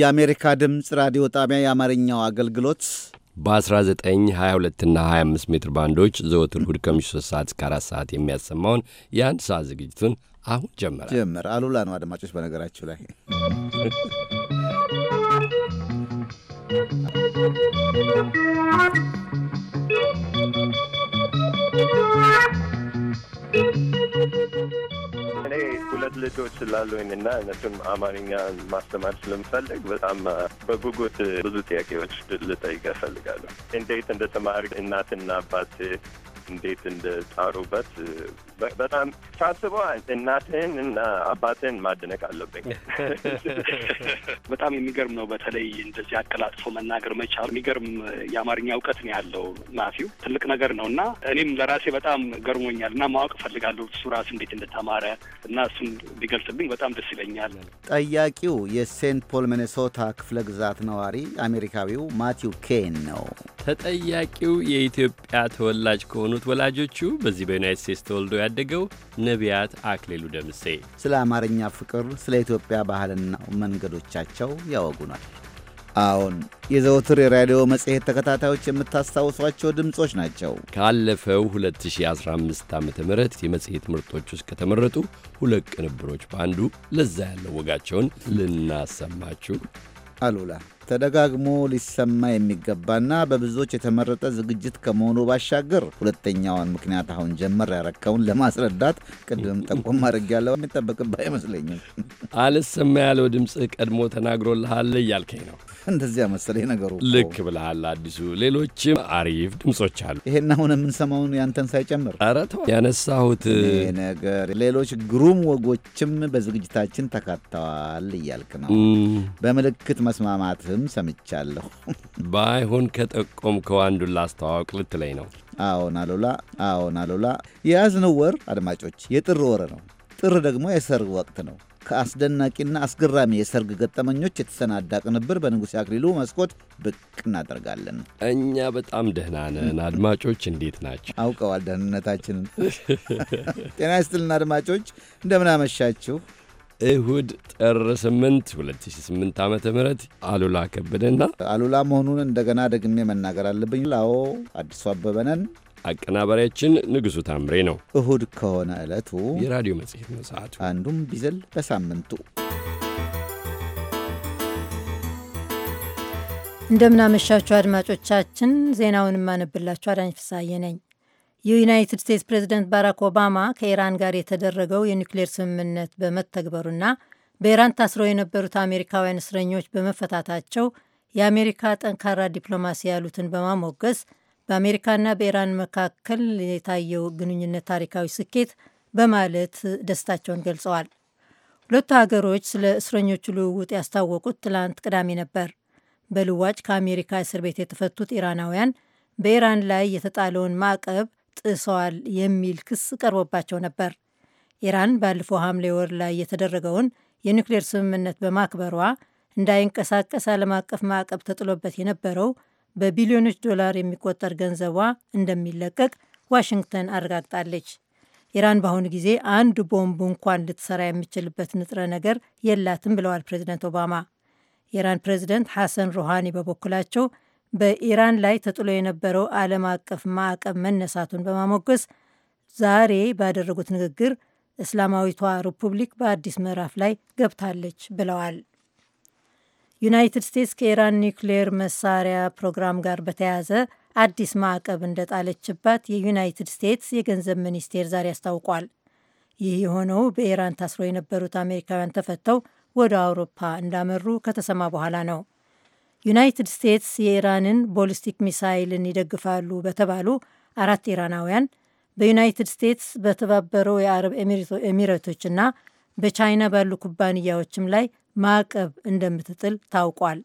የአሜሪካ ድምፅ ራዲዮ ጣቢያ የአማርኛው አገልግሎት በ1922 እና 25 ሜትር ባንዶች ዘወትር እሁድ ከምሽቱ 3 ሰዓት እስከ 4 ሰዓት የሚያሰማውን የአንድ ሰዓት ዝግጅቱን አሁን ጀመረ። ጀመረ አሉላ ነው። አድማጮች በነገራችሁ ላይ እኔ ሁለት ልጆች ስላሉኝ እና እነሱም አማርኛ ማስተማር ስለምፈልግ በጣም በጉጉት ብዙ ጥያቄዎች ልጠይቅ እፈልጋለሁ። እንዴት እንደተማር እናትና አባት እንዴት እንደጣሩበት በጣም ሳስበው እናትህን እና አባትህን ማድነቅ አለብኝ። በጣም የሚገርም ነው። በተለይ እንደዚህ አቀላጥፎ መናገር መቻል የሚገርም የአማርኛ እውቀት ነው ያለው ማፊው፣ ትልቅ ነገር ነው እና እኔም ለራሴ በጣም ገርሞኛል እና ማወቅ እፈልጋለሁ እሱ ራሱ እንዴት እንደተማረ እና እሱን ቢገልጽልኝ በጣም ደስ ይለኛል። ጠያቂው የሴንት ፖል ሚኔሶታ ክፍለ ግዛት ነዋሪ አሜሪካዊው ማቲው ኬን ነው። ተጠያቂው የኢትዮጵያ ተወላጅ ከሆኑ የሚሉት ወላጆቹ በዚህ በዩናይት ስቴትስ ተወልዶ ያደገው ነቢያት አክሊሉ ደምሴ ስለ አማርኛ ፍቅር፣ ስለ ኢትዮጵያ ባህልና መንገዶቻቸው ያወጉናል። አሁን! የዘወትር የራዲዮ መጽሔት ተከታታዮች የምታስታውሷቸው ድምፆች ናቸው። ካለፈው 2015 ዓ ም የመጽሔት ምርጦች ውስጥ ከተመረጡ ሁለት ቅንብሮች በአንዱ ለዛ ያለው ወጋቸውን ልናሰማችሁ አሉላ ተደጋግሞ ሊሰማ የሚገባና በብዙዎች የተመረጠ ዝግጅት ከመሆኑ ባሻገር ሁለተኛዋን ምክንያት አሁን ጀመር ያረከውን ለማስረዳት ቅድም ጠቆም አድርግ ያለው የሚጠበቅብህ አይመስለኝም። አልሰማ ያለው ድምፅ ቀድሞ ተናግሮልሃል እያልከኝ ነው። እንደዚያ መሰለኝ ነገሩ። ልክ ብልሃል አዲሱ። ሌሎችም አሪፍ ድምጾች አሉ። ይሄን አሁን የምንሰማውን ያንተን ሳይጨምር ኧረ ተው ያነሳሁት ነገር ሌሎች ግሩም ወጎችም በዝግጅታችን ተካተዋል እያልክ ነው። በምልክት መስማማት ስም ሰምቻለሁ። ባይሆን ከጠቆም ከዋንዱን ላስተዋወቅ ልትለኝ ነው? አዎን አሉላ፣ አዎን አሉላ። የያዝነው ወር አድማጮች የጥር ወር ነው። ጥር ደግሞ የሰርግ ወቅት ነው። ከአስደናቂና አስገራሚ የሰርግ ገጠመኞች የተሰናዳ ቅንብር በንጉሴ አክሊሉ መስኮት ብቅ እናደርጋለን። እኛ በጣም ደህና ነን። አድማጮች እንዴት ናቸው? አውቀዋል ደህንነታችንን። ጤና ይስጥልን አድማጮች፣ እንደምናመሻችሁ እሁድ ጥር 8 2008 ዓ ም አሉላ ከበደና አሉላ መሆኑን እንደገና ደግሜ መናገር አለብኝ። ላዎ አዲሱ አበበነን አቀናባሪያችን ንጉሡ ታምሬ ነው። እሁድ ከሆነ ዕለቱ የራዲዮ መጽሔት ነው። ሰዓቱ አንዱም ቢዘል በሳምንቱ እንደምናመሻችሁ አድማጮቻችን፣ ዜናውን የማነብላችሁ አዳኝ ፍሳዬ ነኝ። የዩናይትድ ስቴትስ ፕሬዚደንት ባራክ ኦባማ ከኢራን ጋር የተደረገው የኒውክሌር ስምምነት በመተግበሩና በኢራን ታስረው የነበሩት አሜሪካውያን እስረኞች በመፈታታቸው የአሜሪካ ጠንካራ ዲፕሎማሲ ያሉትን በማሞገስ በአሜሪካና በኢራን መካከል የታየው ግንኙነት ታሪካዊ ስኬት በማለት ደስታቸውን ገልጸዋል። ሁለቱ ሀገሮች ስለ እስረኞቹ ልውውጥ ያስታወቁት ትላንት ቅዳሜ ነበር። በልዋጭ ከአሜሪካ እስር ቤት የተፈቱት ኢራናውያን በኢራን ላይ የተጣለውን ማዕቀብ ጥሰዋል የሚል ክስ ቀርቦባቸው ነበር። ኢራን ባለፈው ሐምሌ ወር ላይ የተደረገውን የኒውክሌር ስምምነት በማክበሯ እንዳይንቀሳቀስ ዓለም አቀፍ ማዕቀብ ተጥሎበት የነበረው በቢሊዮኖች ዶላር የሚቆጠር ገንዘቧ እንደሚለቀቅ ዋሽንግተን አረጋግጣለች። ኢራን በአሁኑ ጊዜ አንድ ቦምብ እንኳን ልትሰራ የሚችልበት ንጥረ ነገር የላትም ብለዋል ፕሬዚደንት ኦባማ። የኢራን ፕሬዚደንት ሐሰን ሮሃኒ በበኩላቸው በኢራን ላይ ተጥሎ የነበረው ዓለም አቀፍ ማዕቀብ መነሳቱን በማሞገስ ዛሬ ባደረጉት ንግግር እስላማዊቷ ሪፑብሊክ በአዲስ ምዕራፍ ላይ ገብታለች ብለዋል። ዩናይትድ ስቴትስ ከኢራን ኒውክሌር መሳሪያ ፕሮግራም ጋር በተያያዘ አዲስ ማዕቀብ እንደጣለችባት የዩናይትድ ስቴትስ የገንዘብ ሚኒስቴር ዛሬ አስታውቋል። ይህ የሆነው በኢራን ታስረው የነበሩት አሜሪካውያን ተፈተው ወደ አውሮፓ እንዳመሩ ከተሰማ በኋላ ነው። ዩናይትድ ስቴትስ የኢራንን ቦሊስቲክ ሚሳይልን ይደግፋሉ በተባሉ አራት ኢራናውያን በዩናይትድ ስቴትስ በተባበረው የአረብ ኤሚሬቶችና በቻይና ባሉ ኩባንያዎችም ላይ ማዕቀብ እንደምትጥል ታውቋል።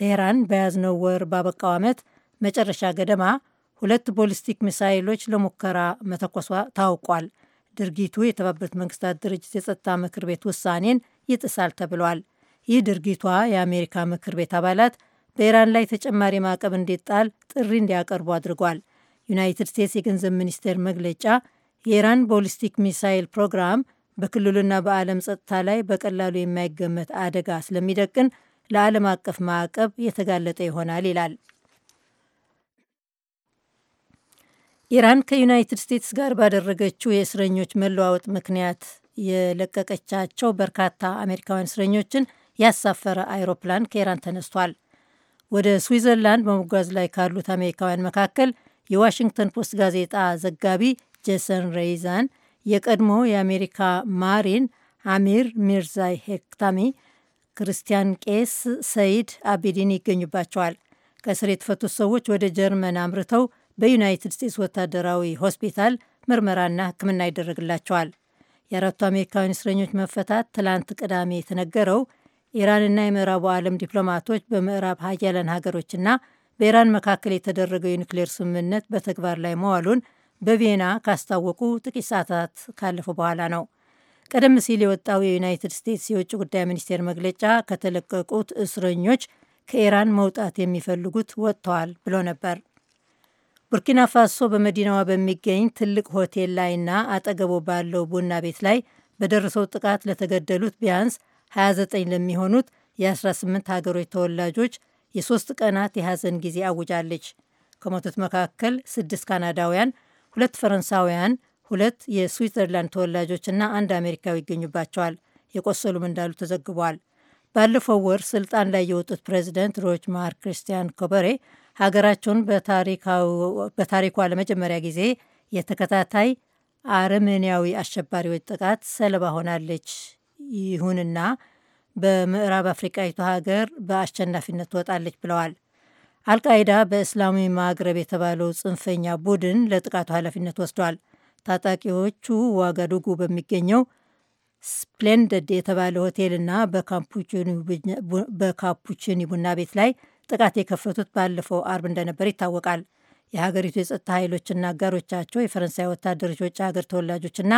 ቴህራን በያዝነው ወር ባበቃው ዓመት መጨረሻ ገደማ ሁለት ቦሊስቲክ ሚሳይሎች ለሙከራ መተኮሷ ታውቋል። ድርጊቱ የተባበሩት መንግስታት ድርጅት የጸጥታ ምክር ቤት ውሳኔን ይጥሳል ተብሏል። ይህ ድርጊቷ የአሜሪካ ምክር ቤት አባላት በኢራን ላይ ተጨማሪ ማዕቀብ እንዲጣል ጥሪ እንዲያቀርቡ አድርጓል። ዩናይትድ ስቴትስ የገንዘብ ሚኒስቴር መግለጫ የኢራን ቦሊስቲክ ሚሳይል ፕሮግራም በክልሉና በዓለም ጸጥታ ላይ በቀላሉ የማይገመት አደጋ ስለሚደቅን ለዓለም አቀፍ ማዕቀብ የተጋለጠ ይሆናል ይላል። ኢራን ከዩናይትድ ስቴትስ ጋር ባደረገችው የእስረኞች መለዋወጥ ምክንያት የለቀቀቻቸው በርካታ አሜሪካውያን እስረኞችን ያሳፈረ አይሮፕላን ከኢራን ተነስቷል። ወደ ስዊዘርላንድ በመጓዝ ላይ ካሉት አሜሪካውያን መካከል የዋሽንግተን ፖስት ጋዜጣ ዘጋቢ ጄሰን ሬይዛን፣ የቀድሞ የአሜሪካ ማሪን አሚር ሚርዛይ ሄክታሚ፣ ክርስቲያን ቄስ ሰይድ አቢዲን ይገኙባቸዋል። ከእስር የተፈቱት ሰዎች ወደ ጀርመን አምርተው በዩናይትድ ስቴትስ ወታደራዊ ሆስፒታል ምርመራና ሕክምና ይደረግላቸዋል። የአራቱ አሜሪካውያን እስረኞች መፈታት ትላንት ቅዳሜ የተነገረው ኢራንና የምዕራቡ ዓለም ዲፕሎማቶች በምዕራብ ሀያላን ሀገሮችና በኢራን መካከል የተደረገው የኒክሌር ስምምነት በተግባር ላይ መዋሉን በቪየና ካስታወቁ ጥቂት ሰዓታት ካለፉ በኋላ ነው። ቀደም ሲል የወጣው የዩናይትድ ስቴትስ የውጭ ጉዳይ ሚኒስቴር መግለጫ ከተለቀቁት እስረኞች ከኢራን መውጣት የሚፈልጉት ወጥተዋል ብሎ ነበር። ቡርኪና ፋሶ በመዲናዋ በሚገኝ ትልቅ ሆቴል ላይና አጠገቡ ባለው ቡና ቤት ላይ በደረሰው ጥቃት ለተገደሉት ቢያንስ 29 ለሚሆኑት የ18 ሀገሮች ተወላጆች የሶስት ቀናት የሐዘን ጊዜ አውጃለች። ከሞቱት መካከል ስድስት ካናዳውያን፣ ሁለት ፈረንሳውያን፣ ሁለት የስዊትዘርላንድ ተወላጆችና አንድ አሜሪካዊ ይገኙባቸዋል። የቆሰሉም እንዳሉ ተዘግቧል። ባለፈው ወር ስልጣን ላይ የወጡት ፕሬዚደንት ሮች ማር ክርስቲያን ኮበሬ ሀገራቸውን በታሪኳ ለመጀመሪያ ጊዜ የተከታታይ አረመኔያዊ አሸባሪዎች ጥቃት ሰለባ ሆናለች ይሁንና በምዕራብ አፍሪቃዊቱ ሀገር በአሸናፊነት ትወጣለች ብለዋል። አልቃይዳ በእስላማዊ ማግረብ የተባለው ጽንፈኛ ቡድን ለጥቃቱ ኃላፊነት ወስዷል። ታጣቂዎቹ ዋጋዱጉ በሚገኘው ስፕሌንደድ የተባለ ሆቴልና በካፑችኒ ቡና ቤት ላይ ጥቃት የከፈቱት ባለፈው አርብ እንደነበር ይታወቃል። የሀገሪቱ የጸጥታ ኃይሎችና አጋሮቻቸው የፈረንሳይ ወታደሮች፣ ውጭ ሀገር ተወላጆችና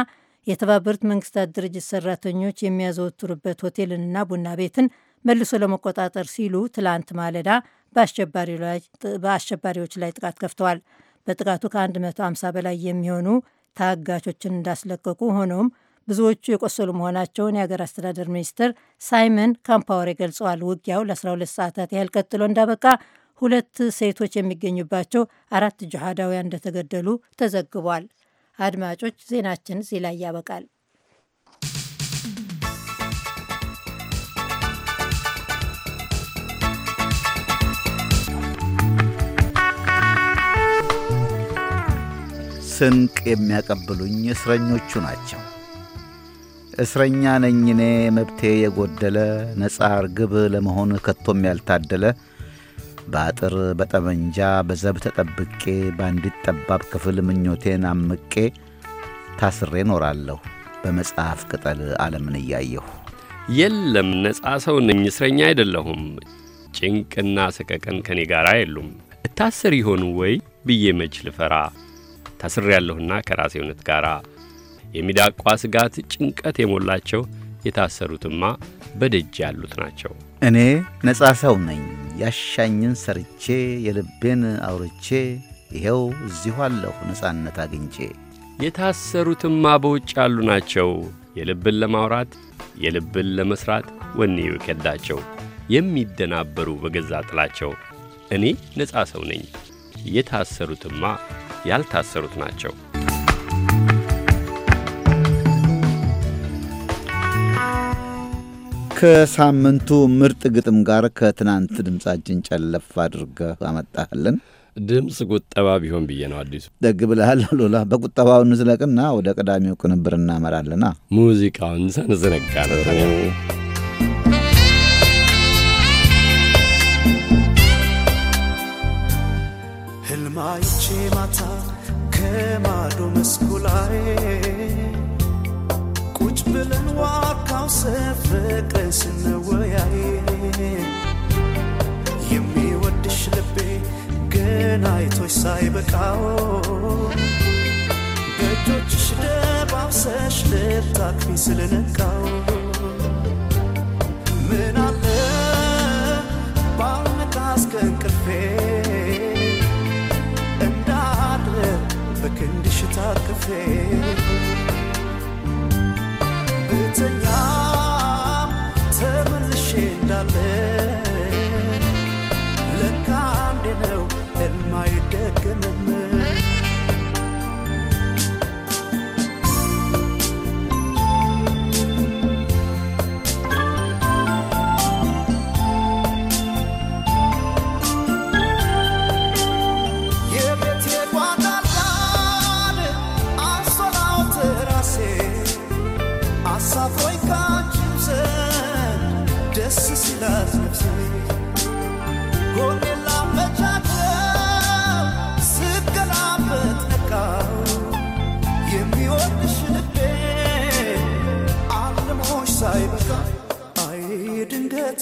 የተባበሩት መንግስታት ድርጅት ሰራተኞች የሚያዘወትሩበት ሆቴልንና ቡና ቤትን መልሶ ለመቆጣጠር ሲሉ ትላንት ማለዳ በአሸባሪዎች ላይ ጥቃት ከፍተዋል። በጥቃቱ ከ150 በላይ የሚሆኑ ታጋቾችን እንዳስለቀቁ፣ ሆኖም ብዙዎቹ የቆሰሉ መሆናቸውን የሀገር አስተዳደር ሚኒስትር ሳይመን ካምፓወሬ ገልጸዋል። ውጊያው ለ12 ሰዓታት ያህል ቀጥሎ እንዳበቃ ሁለት ሴቶች የሚገኙባቸው አራት ጅሃዳውያን እንደተገደሉ ተዘግቧል። አድማጮች ዜናችን እዚህ ላይ ያበቃል። ስንቅ የሚያቀብሉኝ እስረኞቹ ናቸው። እስረኛ ነኝ እኔ መብቴ የጎደለ ነጻ እርግብ ለመሆን ከቶም ያልታደለ በአጥር በጠመንጃ በዘብ ተጠብቄ በአንዲት ጠባብ ክፍል ምኞቴን አምቄ ታስሬ ኖራለሁ በመጽሐፍ ቅጠል ዓለምን እያየሁ። የለም ነጻ ሰው ነኝ፣ እስረኛ አይደለሁም። ጭንቅና ሰቀቀን ከኔ ጋር የሉም። እታስር ይሆኑ ወይ ብዬ መች ልፈራ ታስሬ ያለሁና ከራሴ እውነት ጋር የሚዳቋ ስጋት ጭንቀት የሞላቸው የታሰሩትማ በደጅ ያሉት ናቸው። እኔ ነጻ ሰው ነኝ ያሻኝን ሰርቼ የልቤን አውርቼ ይኸው እዚሁ አለሁ ነጻነት አግኝቼ። የታሰሩትማ በውጭ ያሉ ናቸው። የልብን ለማውራት የልብን ለመሥራት ወኔው የከዳቸው የሚደናበሩ በገዛ ጥላቸው። እኔ ነጻ ሰው ነኝ። የታሰሩትማ ያልታሰሩት ናቸው። ከሳምንቱ ምርጥ ግጥም ጋር ከትናንት ድምፃችን ጨለፍ አድርገህ አመጣህልን። ድምፅ ቁጠባ ቢሆን ብዬ ነው። አዲሱ ደግ ብልሃል ሎላ። በቁጠባው እንዝለቅና ወደ ቀዳሚው ቅንብር እናመራለና ሙዚቃውን ሰንዘነጋ ነው ህልማይቼ ማታ ከማዶ መስኩ ላይ ቁጭ ብለን ዋካው ሰፈቀ ስንወያይ የሚወድሽ ልቤ ገና አይቶች ሳይበቃው በእጆችሽ ደባብሰሽ ልታቅፊ ስለነቃው ምን አለ ባልነቃ እስከ እንቅልፌ እንዳድር በክንድሽ ታቅፌ ሳላምን ለካ አንድ ነው እማይደገምም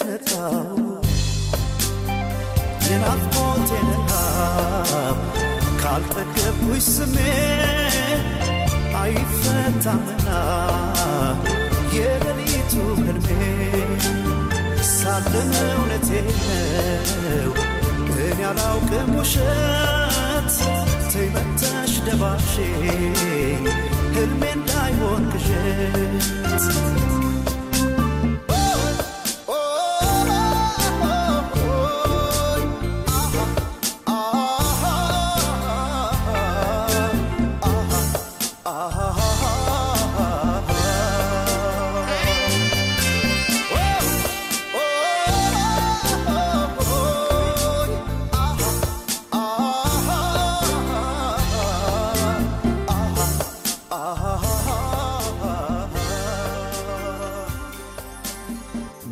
ገተታው የናፍቆቴ ረሃብ ስሜ አይፈታምና የሌሊቱ ህልሜ እውነቴ ነው ግን ያላውቅም ውሸት ተይመተሽ ደባሼ ህልሜ እንዳይሆን ቅዠት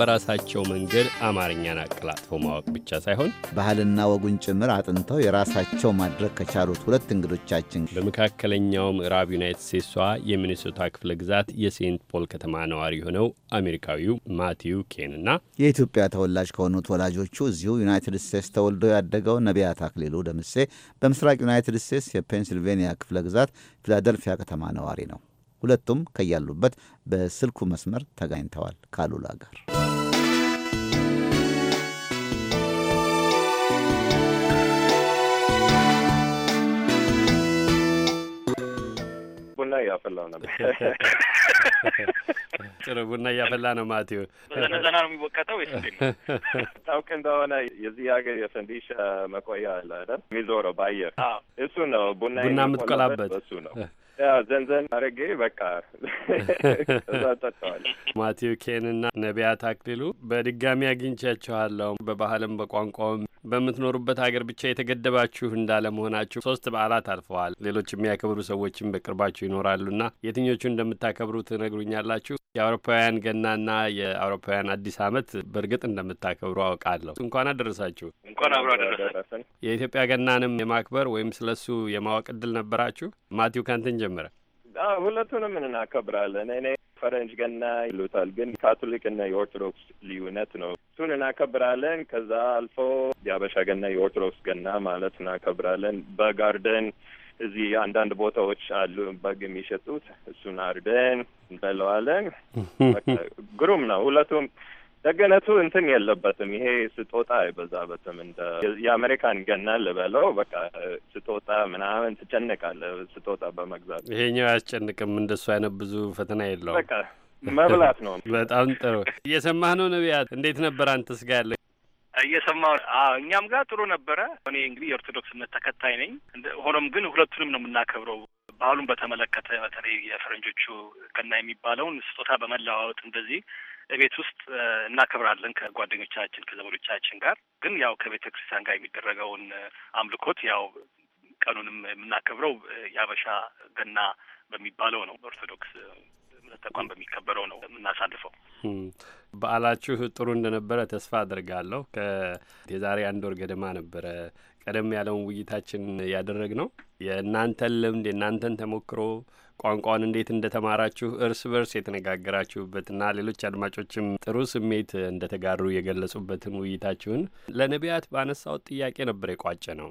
በራሳቸው መንገድ አማርኛን አቀላጥፎ ማወቅ ብቻ ሳይሆን ባህልና ወጉን ጭምር አጥንተው የራሳቸው ማድረግ ከቻሉት ሁለት እንግዶቻችን በመካከለኛው ምዕራብ ዩናይት ስቴትሷ የሚኒሶታ ክፍለ ግዛት የሴንት ፖል ከተማ ነዋሪ የሆነው አሜሪካዊው ማቲው ኬን እና የኢትዮጵያ ተወላጅ ከሆኑት ወላጆቹ እዚሁ ዩናይትድ ስቴትስ ተወልዶ ያደገው ነቢያት አክሊሉ ደምሴ በምስራቅ ዩናይትድ ስቴትስ የፔንሲልቬንያ ክፍለ ግዛት ፊላደልፊያ ከተማ ነዋሪ ነው። ሁለቱም ከያሉበት በስልኩ መስመር ተጋኝተዋል ካሉላ ጋር ቡና እያፈላሁ ነበር። ጥሩ ቡና እያፈላ ነው ማቴዎ። በዘነዘና ነው የሚወቀጠው። ታውቅ እንደሆነ የዚህ ሀገር የፈንዲሻ መቆያ አለ አይደል? የሚዞረው በአየር እሱ ነው ቡና ቡና የምትቆላበት እሱ ነው። ዘንዘን አረጌ በቃ እዛ ጠጥተዋል። ማቴዎ ኬንና ነቢያት አክሊሉ በድጋሚ አግኝቻችኋለሁ። በባህልም በቋንቋውም በምትኖሩበት ሀገር ብቻ የተገደባችሁ እንዳለመሆናችሁ ሶስት በዓላት አልፈዋል። ሌሎች የሚያከብሩ ሰዎችም በቅርባችሁ ይኖራሉና የትኞቹ እንደምታከብሩ ትነግሩኛላችሁ? የአውሮፓውያን ገናና የአውሮፓውያን አዲስ ዓመት በእርግጥ እንደምታከብሩ አውቃለሁ። እንኳን አደረሳችሁ። እንኳን አብሮ አደረሰን። የኢትዮጵያ ገናንም የማክበር ወይም ስለ እሱ የማወቅ እድል ነበራችሁ? ማቲው ካንተን ጀምረ። ሁለቱንም እናከብራለን እኔ ፈረንጅ ገና ይሉታል፣ ግን ካቶሊክ የኦርቶዶክስ ልዩነት ነው። እሱን እናከብራለን። ከዛ አልፎ የአበሻ ገና የኦርቶዶክስ ገና ማለት እናከብራለን። በጋርደን እዚህ አንዳንድ ቦታዎች አሉ በግ የሚሸጡት፣ እሱን አርደን እንበለዋለን። ግሩም ነው ሁለቱም ደግነቱ እንትን የለበትም። ይሄ ስጦታ አይበዛበትም። እንደ የአሜሪካን ገና ልበለው በቃ ስጦታ ምናምን ትጨንቃለህ ስጦታ በመግዛት ይሄኛው አያስጨንቅም። እንደሱ አይነት ብዙ ፈተና የለውም። በቃ መብላት ነው። በጣም ጥሩ። እየሰማህ ነው ነቢያት? እንዴት ነበር አንተ ጋር ያለ እየሰማሁ እኛም ጋር ጥሩ ነበረ። እኔ እንግዲህ የኦርቶዶክስ እምነት ተከታይ ነኝ። ሆኖም ግን ሁለቱንም ነው የምናከብረው። ባህሉን በተመለከተ በተለይ የፈረንጆቹ ገና የሚባለውን ስጦታ በመለዋወጥ እንደዚህ ቤት ውስጥ እናከብራለን ከጓደኞቻችን ከዘመዶቻችን ጋር። ግን ያው ከቤተ ክርስቲያን ጋር የሚደረገውን አምልኮት ያው ቀኑንም የምናከብረው የአበሻ ገና በሚባለው ነው ኦርቶዶክስ እምነት ተቋም በሚከበረው ነው የምናሳልፈው። በዓላችሁ ጥሩ እንደነበረ ተስፋ አድርጋለሁ። የዛሬ አንድ ወር ገደማ ነበረ ቀደም ያለውን ውይይታችን ያደረግ ነው የእናንተን ልምድ የእናንተን ተሞክሮ ቋንቋውን እንዴት እንደተማራችሁ እርስ በርስ የተነጋገራችሁበትና ሌሎች አድማጮችም ጥሩ ስሜት እንደተጋሩ የገለጹበትን ውይይታችሁን ለነቢያት ባነሳውት ጥያቄ ነበር የቋጨ ነው።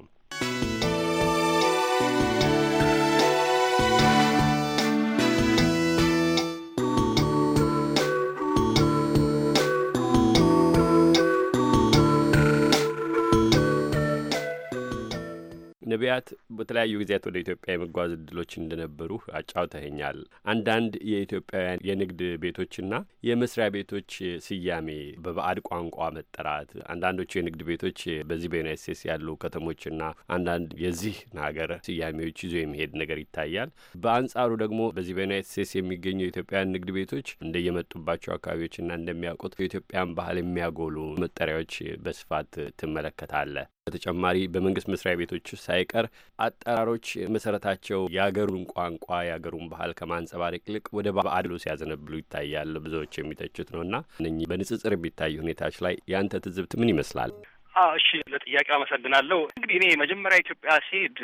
ነቢያት በተለያዩ ጊዜያት ወደ ኢትዮጵያ የመጓዝ እድሎች እንደነበሩ አጫውተኸኛል። አንዳንድ የኢትዮጵያውያን የንግድ ቤቶችና የመስሪያ ቤቶች ስያሜ በባዕድ ቋንቋ መጠራት፣ አንዳንዶቹ የንግድ ቤቶች በዚህ በዩናይት ስቴትስ ያሉ ከተሞችና አንዳንድ የዚህ ሀገር ስያሜዎች ይዞ የሚሄድ ነገር ይታያል። በአንጻሩ ደግሞ በዚህ በዩናይት ስቴትስ የሚገኙ የኢትዮጵያውያን ንግድ ቤቶች እንደየመጡባቸው አካባቢዎችና እንደሚያውቁት የኢትዮጵያን ባህል የሚያጎሉ መጠሪያዎች በስፋት ትመለከታለህ። በተጨማሪ በመንግስት መስሪያ ቤቶች ሳይቀር አጠራሮች መሰረታቸው የአገሩን ቋንቋ የአገሩን ባህል ከማንጸባረቅ ይልቅ ወደ አድሎ ሲያዘነብሉ ይታያል። ብዙዎች የሚተቹት ነው እና እነኚህ በንጽጽር የሚታዩ ሁኔታዎች ላይ ያንተ ትዝብት ምን ይመስላል? እሺ፣ ለጥያቄው አመሰግናለሁ። እንግዲህ እኔ መጀመሪያ ኢትዮጵያ ሲሄድ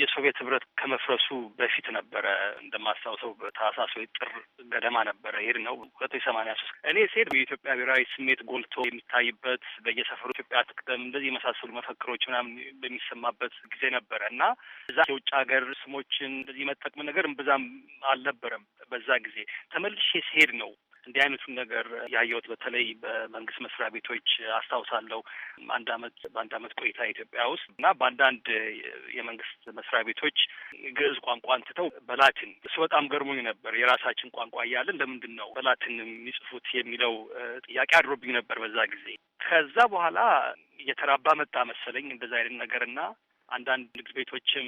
የሶቪየት ህብረት ከመፍረሱ በፊት ነበረ እንደማስታውሰው በታህሳስ ወይ ጥር ገደማ ነበረ ሄድ ነው ሁለት ሰማንያ ሶስት እኔ ስሄድ የኢትዮጵያ ብሔራዊ ስሜት ጎልቶ የሚታይበት በየሰፈሩ ኢትዮጵያ ትቅደም እንደዚህ የመሳሰሉ መፈክሮች ምናምን በሚሰማበት ጊዜ ነበረ እና እዛ የውጭ ሀገር ስሞችን እንደዚህ መጠቅም ነገር እምብዛም አልነበረም በዛ ጊዜ ተመልሼ ስሄድ ነው እንዲህ አይነቱን ነገር ያየሁት በተለይ በመንግስት መስሪያ ቤቶች አስታውሳለሁ። አንድ አመት በአንድ አመት ቆይታ ኢትዮጵያ ውስጥ እና በአንዳንድ የመንግስት መስሪያ ቤቶች ግዕዝ ቋንቋን ትተው በላቲን እሱ በጣም ገርሞኝ ነበር። የራሳችን ቋንቋ እያለን ለምንድን ነው በላቲን የሚጽፉት የሚለው ጥያቄ አድሮብኝ ነበር በዛ ጊዜ። ከዛ በኋላ እየተራባ መጣ መሰለኝ እንደዛ አይነት ነገርና አንዳንድ ንግድ ቤቶችም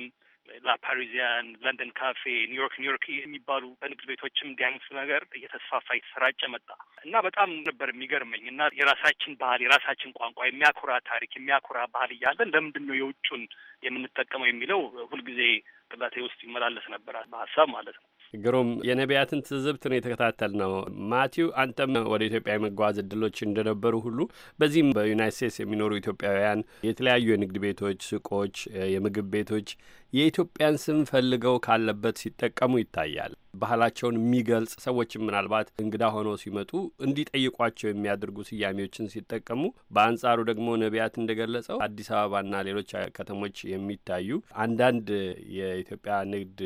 ላፓሪዚያን፣ ለንደን ካፌ፣ ኒውዮርክ ኒውዮርክ የሚባሉ በንግድ ቤቶችም እንዲህ አይነት ነገር እየተስፋፋ እየተሰራጨ መጣ እና በጣም ነበር የሚገርመኝ እና የራሳችን ባህል የራሳችን ቋንቋ የሚያኮራ ታሪክ የሚያኮራ ባህል እያለን ለምንድን ነው የውጩን የምንጠቀመው የሚለው ሁልጊዜ ቅላቴ ውስጥ ይመላለስ ነበር በሀሳብ ማለት ነው። ግሩም የነቢያትን ትዝብት ነው የተከታተል ነው። ማቲው አንተም ወደ ኢትዮጵያ የመጓዝ እድሎች እንደነበሩ ሁሉ በዚህም በዩናይት ስቴትስ የሚኖሩ ኢትዮጵያውያን የተለያዩ የንግድ ቤቶች፣ ሱቆች፣ የምግብ ቤቶች የኢትዮጵያን ስም ፈልገው ካለበት ሲጠቀሙ ይታያል። ባህላቸውን የሚገልጽ ሰዎችም ምናልባት እንግዳ ሆነው ሲመጡ እንዲጠይቋቸው የሚያደርጉ ስያሜዎችን ሲጠቀሙ፣ በአንጻሩ ደግሞ ነቢያት እንደገለጸው አዲስ አበባና ሌሎች ከተሞች የሚታዩ አንዳንድ የኢትዮጵያ ንግድ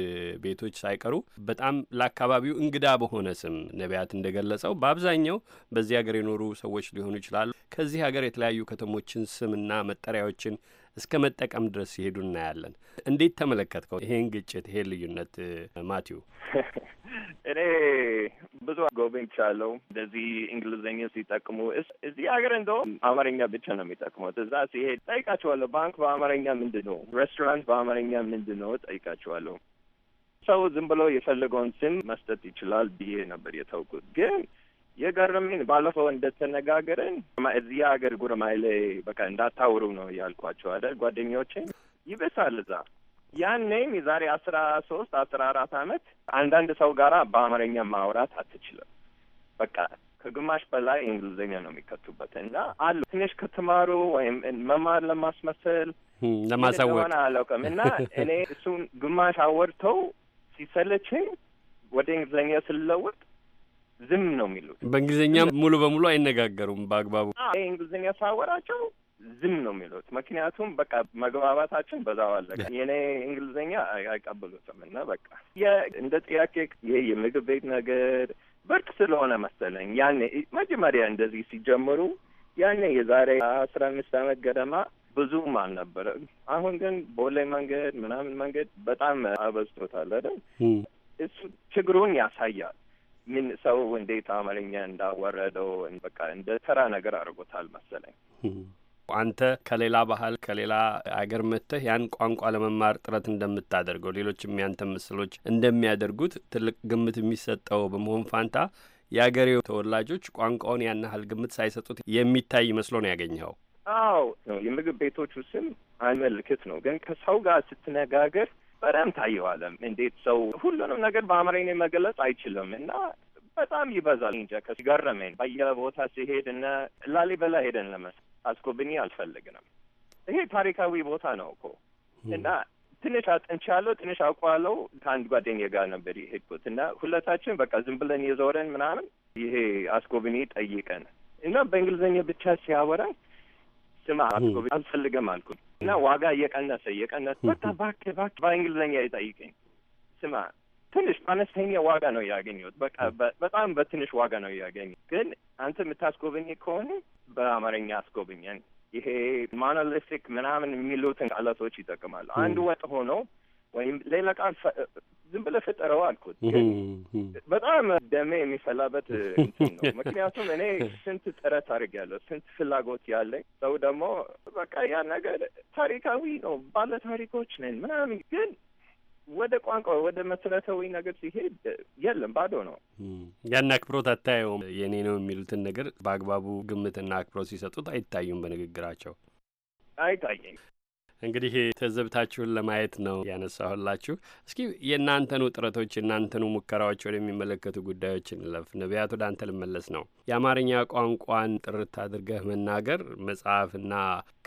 ቤቶች ሳይቀሩ በጣም ለአካባቢው እንግዳ በሆነ ስም ነቢያት እንደገለጸው በአብዛኛው በዚህ ሀገር የኖሩ ሰዎች ሊሆኑ ይችላሉ። ከዚህ ሀገር የተለያዩ ከተሞችን ስምና መጠሪያዎችን እስከ መጠቀም ድረስ ሲሄዱ እናያለን። እንዴት ተመለከትከው ይሄን ግጭት፣ ይሄን ልዩነት ማቲው? እኔ ብዙ ጎብኝቻለሁ። እንደዚህ እንግሊዝኛ ሲጠቅሙ እዚህ ሀገር እንደው አማርኛ ብቻ ነው የሚጠቅሙት። እዛ ሲሄድ ጠይቃቸዋለሁ። ባንክ በአማርኛ ምንድን ነው? ሬስቶራንት በአማርኛ ምንድን ነው? ጠይቃቸዋለሁ። ሰው ዝም ብሎ የፈለገውን ስም መስጠት ይችላል ብዬ ነበር የተውኩት ግን የገረመኝ ባለፈው እንደተነጋገረን እዚህ ሀገር ጉረማይ ላይ በቃ እንዳታውሩ ነው እያልኳቸው አይደል ጓደኞቼን ይብሳል እዛ ያኔም የዛሬ አስራ ሶስት አስራ አራት አመት አንዳንድ ሰው ጋራ በአማርኛ ማውራት አትችልም። በቃ ከግማሽ በላይ እንግሊዝኛ ነው የሚከቱበት እና አሉ ትንሽ ከተማሩ ወይም መማር ለማስመሰል ለማሳወቅ አላውቅም እና እኔ እሱን ግማሽ አወርተው ሲሰለችኝ ወደ እንግሊዝኛ ስለወጥ ዝም ነው የሚሉት። በእንግሊዝኛ ሙሉ በሙሉ አይነጋገሩም በአግባቡ። እንግሊዝኛ ሳወራቸው ዝም ነው የሚሉት። ምክንያቱም በቃ መግባባታችን በዛው አለቀ። የኔ እንግሊዝኛ አይቀበሉትም እና በቃ እንደ ጥያቄ ይሄ የምግብ ቤት ነገር ብርቅ ስለሆነ መሰለኝ ያኔ መጀመሪያ እንደዚህ ሲጀምሩ ያኔ የዛሬ አስራ አምስት አመት ገደማ ብዙም አልነበረ። አሁን ግን ቦሌ መንገድ ምናምን መንገድ በጣም አበዝቶታል አይደል? እሱ ችግሩን ያሳያል። ምን ሰው እንዴት አማርኛ እንዳወረደው በቃ እንደ ተራ ነገር አድርጎታል መሰለኝ። አንተ ከሌላ ባህል ከሌላ አገር መጥተህ ያን ቋንቋ ለመማር ጥረት እንደምታደርገው ሌሎችም ያንተ ምስሎች እንደሚያደርጉት ትልቅ ግምት የሚሰጠው በመሆን ፋንታ የአገሬው ተወላጆች ቋንቋውን ያን ያህል ግምት ሳይሰጡት የሚታይ መስሎ ነው ያገኘኸው? አዎ፣ የምግብ ቤቶቹ ስም አመልክት ነው። ግን ከሰው ጋር ስትነጋገር በጣም ታየዋለም። እንዴት ሰው ሁሉንም ነገር በአማርኛ መገለጽ አይችልም እና በጣም ይበዛል። እንጃ ከሲጋረመን በየቦታ ሲሄድ እና ላሊበላ ሄደን ለመስ አስጎብኚ አልፈልግንም። ይሄ ታሪካዊ ቦታ ነው እኮ እና ትንሽ አጥንቻለሁ፣ ትንሽ አውቋለሁ። ከአንድ ጓደኛ ጋር ነበር የሄድኩት እና ሁለታችን በቃ ዝም ብለን የዞረን ምናምን ይሄ አስጎብኚ ጠይቀን እና በእንግሊዝኛ ብቻ ሲያወራ ስማ አስጎብኚ አልፈልግም አልኩት። እና ዋጋ እየቀነሰ እየቀነሰ በቃ ባክ ባክ በእንግሊዝኛ የጠይቀኝ ስማ ትንሽ አነስተኛ ዋጋ ነው ያገኘሁት። በቃ በጣም በትንሽ ዋጋ ነው ያገኘሁት። ግን አንተ የምታስጎበኝ ከሆነ በአማርኛ አስጎብኘን። ይሄ ሞኖሊቲክ ምናምን የሚሉትን ቃላቶች ይጠቅማሉ። አንድ ወጥ ሆኖ ወይም ሌላ ቃል ዝም ብለህ ፍጠረው አልኩት። ግን በጣም ደሜ የሚፈላበት እንትን ነው። ምክንያቱም እኔ ስንት ጥረት አድርጌያለሁ፣ ስንት ፍላጎት ያለኝ ሰው ደግሞ በቃ ያ ነገር ታሪካዊ ነው፣ ባለ ታሪኮች ነን ምናምን ግን ወደ ቋንቋ ወደ መሰረታዊ ነገር ሲሄድ የለም ባዶ ነው። ያን አክብሮት አታየውም። የእኔ ነው የሚሉትን ነገር በአግባቡ ግምትና አክብሮት ሲሰጡት አይታዩም። በንግግራቸው አይታየኝ። እንግዲህ ትዝብታችሁን ለማየት ነው ያነሳሁላችሁ። እስኪ የእናንተኑ ጥረቶች የእናንተኑ ሙከራዎች ወደሚመለከቱ ጉዳዮች እንለፍ። ነቢያት፣ ወደ አንተ ልመለስ ነው። የአማርኛ ቋንቋን ጥርት አድርገህ መናገር መጽሐፍና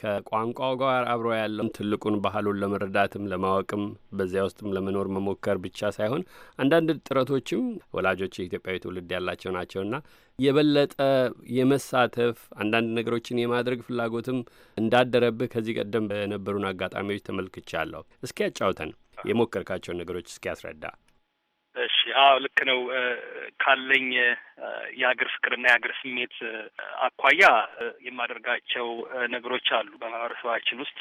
ከቋንቋው ጋር አብሮ ያለውን ትልቁን ባህሉን ለመረዳትም ለማወቅም በዚያ ውስጥም ለመኖር መሞከር ብቻ ሳይሆን አንዳንድ ጥረቶችም ወላጆች የኢትዮጵያዊ ትውልድ ያላቸው ናቸውና የበለጠ የመሳተፍ አንዳንድ ነገሮችን የማድረግ ፍላጎትም እንዳደረብህ ከዚህ ቀደም በነበሩን አጋጣሚዎች ተመልክቻለሁ። እስኪ ያጫውተን የሞከርካቸውን ነገሮች እስኪ ያስረዳ። እሺ፣ አዎ ልክ ነው። ካለኝ የሀገር ፍቅርና የሀገር ስሜት አኳያ የማደርጋቸው ነገሮች አሉ። በማህበረሰባችን ውስጥ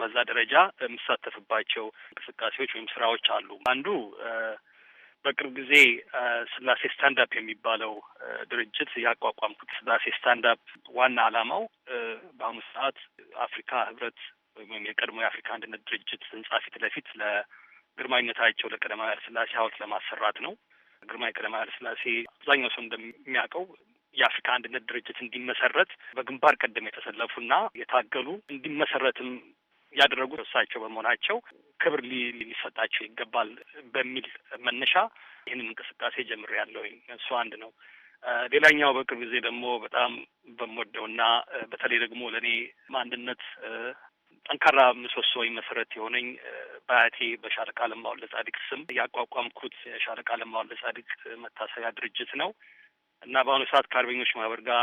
በዛ ደረጃ የምሳተፍባቸው እንቅስቃሴዎች ወይም ስራዎች አሉ። አንዱ በቅርብ ጊዜ ስላሴ ስታንዳፕ የሚባለው ድርጅት ያቋቋምኩት። ስላሴ ስታንዳፕ ዋና ዓላማው በአሁኑ ሰዓት አፍሪካ ህብረት ወይም የቀድሞ የአፍሪካ አንድነት ድርጅት ህንጻ ፊት ለፊት ግርማዊነታቸው ለቀዳማዊ ኃይለ ሥላሴ ሐውልት ለማሰራት ነው። ግርማዊ ቀዳማዊ ኃይለ ሥላሴ አብዛኛው ሰው እንደሚያውቀው የአፍሪካ አንድነት ድርጅት እንዲመሰረት በግንባር ቀደም የተሰለፉና የታገሉ እንዲመሰረትም ያደረጉ እሳቸው በመሆናቸው ክብር ሊሰጣቸው ይገባል በሚል መነሻ ይህንን እንቅስቃሴ ያለው እሱ አንድ ነው። ሌላኛው በቅርብ ጊዜ ደግሞ በጣም በምወደውና በተለይ ደግሞ ለእኔ አንድነት ጠንካራ ምሰሶ ወይ መሰረት የሆነኝ በአያቴ በሻለቃ ለማ ወልደ ጻድቅ ስም ያቋቋምኩት የሻለቃ ለማ ወልደ ጻድቅ መታሰቢያ ድርጅት ነው። እና በአሁኑ ሰዓት ከአርበኞች ማህበር ጋር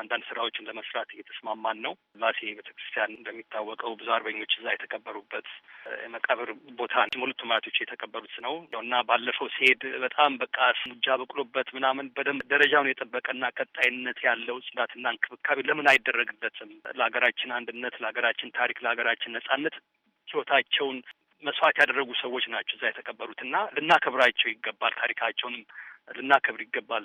አንዳንድ ስራዎችን ለመስራት እየተስማማን ነው። ላሴ ቤተክርስቲያን እንደሚታወቀው ብዙ አርበኞች እዛ የተቀበሩበት የመቃብር ቦታ ሁለቱም አያቶች የተቀበሩት ነው እና ባለፈው ሲሄድ በጣም በቃ ሙጃ በቅሎበት ምናምን በደንብ ደረጃውን የጠበቀና ቀጣይነት ያለው ጽዳትና እንክብካቤ ለምን አይደረግበትም? ለሀገራችን አንድነት፣ ለሀገራችን ታሪክ፣ ለሀገራችን ነጻነት ህይወታቸውን መስዋዕት ያደረጉ ሰዎች ናቸው እዛ የተቀበሩት እና ልናከብራቸው ይገባል ታሪካቸውንም ልናከብር ይገባል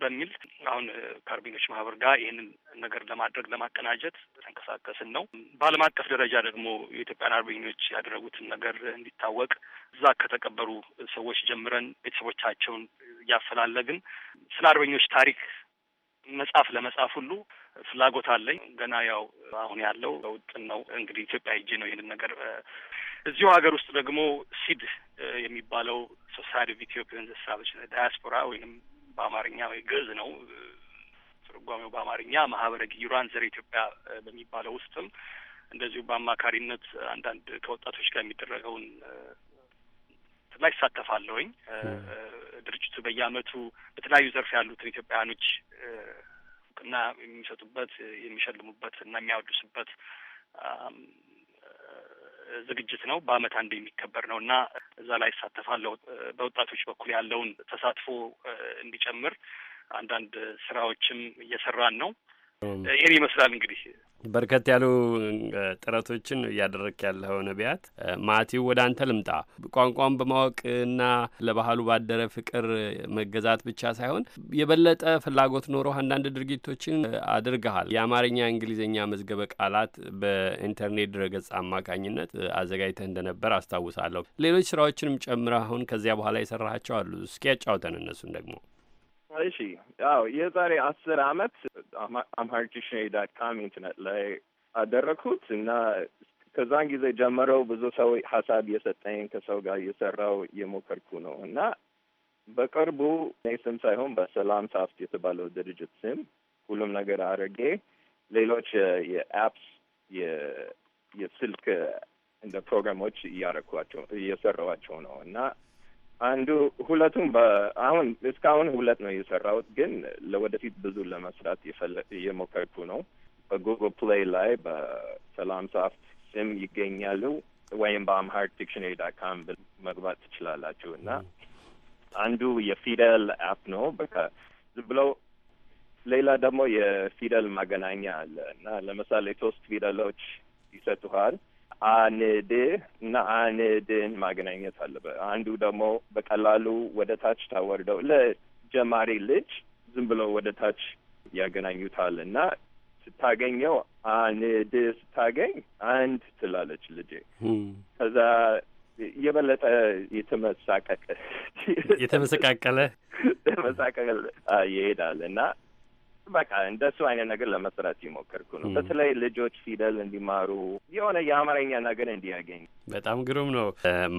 በሚል አሁን ከአርበኞች ማህበር ጋር ይህንን ነገር ለማድረግ ለማቀናጀት ተንቀሳቀስን ነው። በዓለም አቀፍ ደረጃ ደግሞ የኢትዮጵያን አርበኞች ያደረጉትን ነገር እንዲታወቅ እዛ ከተቀበሩ ሰዎች ጀምረን ቤተሰቦቻቸውን እያፈላለግን ስለ አርበኞች ታሪክ መጽሐፍ ለመጻፍ ሁሉ ፍላጎት አለኝ። ገና ያው አሁን ያለው በውጥን ነው። እንግዲህ ኢትዮጵያ ሄጄ ነው ይህንን ነገር እዚሁ ሀገር ውስጥ ደግሞ ሲድ የሚባለው ሶሳይቲ ኦፍ ኢትዮጵያን ዘሳበች ዳያስፖራ ወይም በአማርኛ ወይ ግዕዝ ነው ትርጓሜው በአማርኛ ማህበረ ጊዩራን ዘር ኢትዮጵያ በሚባለው ውስጥም እንደዚሁ በአማካሪነት አንዳንድ ከወጣቶች ጋር የሚደረገውን ላይ ይሳተፋለሁኝ። ድርጅቱ በየአመቱ በተለያዩ ዘርፍ ያሉትን ኢትዮጵያውያኖች እውቅና የሚሰጡበት የሚሸልሙበት እና የሚያወድሱበት ዝግጅት ነው። በአመት አንድ የሚከበር ነው እና እዛ ላይ ይሳተፋለሁ። በወጣቶች በኩል ያለውን ተሳትፎ እንዲጨምር አንዳንድ ስራዎችም እየሰራን ነው። ይህን ይመስላል እንግዲህ በርከት ያሉ ጥረቶችን እያደረግ ያለው ነቢያት ማቲው፣ ወደ አንተ ልምጣ። ቋንቋን በማወቅና ለባህሉ ባደረ ፍቅር መገዛት ብቻ ሳይሆን የበለጠ ፍላጎት ኖሮ አንዳንድ ድርጊቶችን አድርገሃል። የአማርኛ እንግሊዝኛ መዝገበ ቃላት በኢንተርኔት ድረገጽ አማካኝነት አዘጋጅተህ እንደነበር አስታውሳለሁ። ሌሎች ስራዎችንም ጨምረህ አሁን ከዚያ በኋላ የሰራሃቸው አሉ። እስኪ ያጫውተን እነሱን ደግሞ እሺ አዎ የዛሬ አስር አመት አምሃሪክ ዳት ካም ኢንተርኔት ላይ አደረግኩት እና ከዛን ጊዜ ጀምረው ብዙ ሰው ሀሳብ እየሰጠኝ ከሰው ጋር እየሰራው እየሞከርኩ ነው እና በቅርቡ እኔ ስም ሳይሆን በሰላም ሳፍት የተባለው ድርጅት ስም ሁሉም ነገር አድርጌ ሌሎች የአፕስ የስልክ እንደ ፕሮግራሞች እያረኳቸው እየሰራዋቸው ነው እና አንዱ ሁለቱም አሁን እስካሁን ሁለት ነው የሰራሁት፣ ግን ለወደፊት ብዙ ለመስራት እየሞከርኩ ነው። በጉግል ፕሌይ ላይ በሰላም ሶፍት ስም ይገኛሉ ወይም በአምሃር ዲክሽነሪ ዳት ካም መግባት ትችላላችሁ። እና አንዱ የፊደል አፕ ነው በቃ ዝም ብለው፣ ሌላ ደግሞ የፊደል ማገናኛ አለ እና ለምሳሌ ሶስት ፊደሎች ይሰጡሃል አንድ እና አንድን ማገናኘት አለበት። አንዱ ደግሞ በቀላሉ ወደ ታች ታወርደው ለጀማሪ ልጅ ዝም ብሎ ወደ ታች ያገናኙታል እና ስታገኘው አንድ ስታገኝ አንድ ትላለች ልጄ። ከዛ የበለጠ የተመሳቀቀ የተመሰቃቀለ የተመሳቀቀለ ይሄዳል እና በቃ እንደሱ አይነት ነገር ለመስራት የሞከርኩ ነው። በተለይ ልጆች ፊደል እንዲማሩ የሆነ የአማርኛ ነገር እንዲያገኝ። በጣም ግሩም ነው።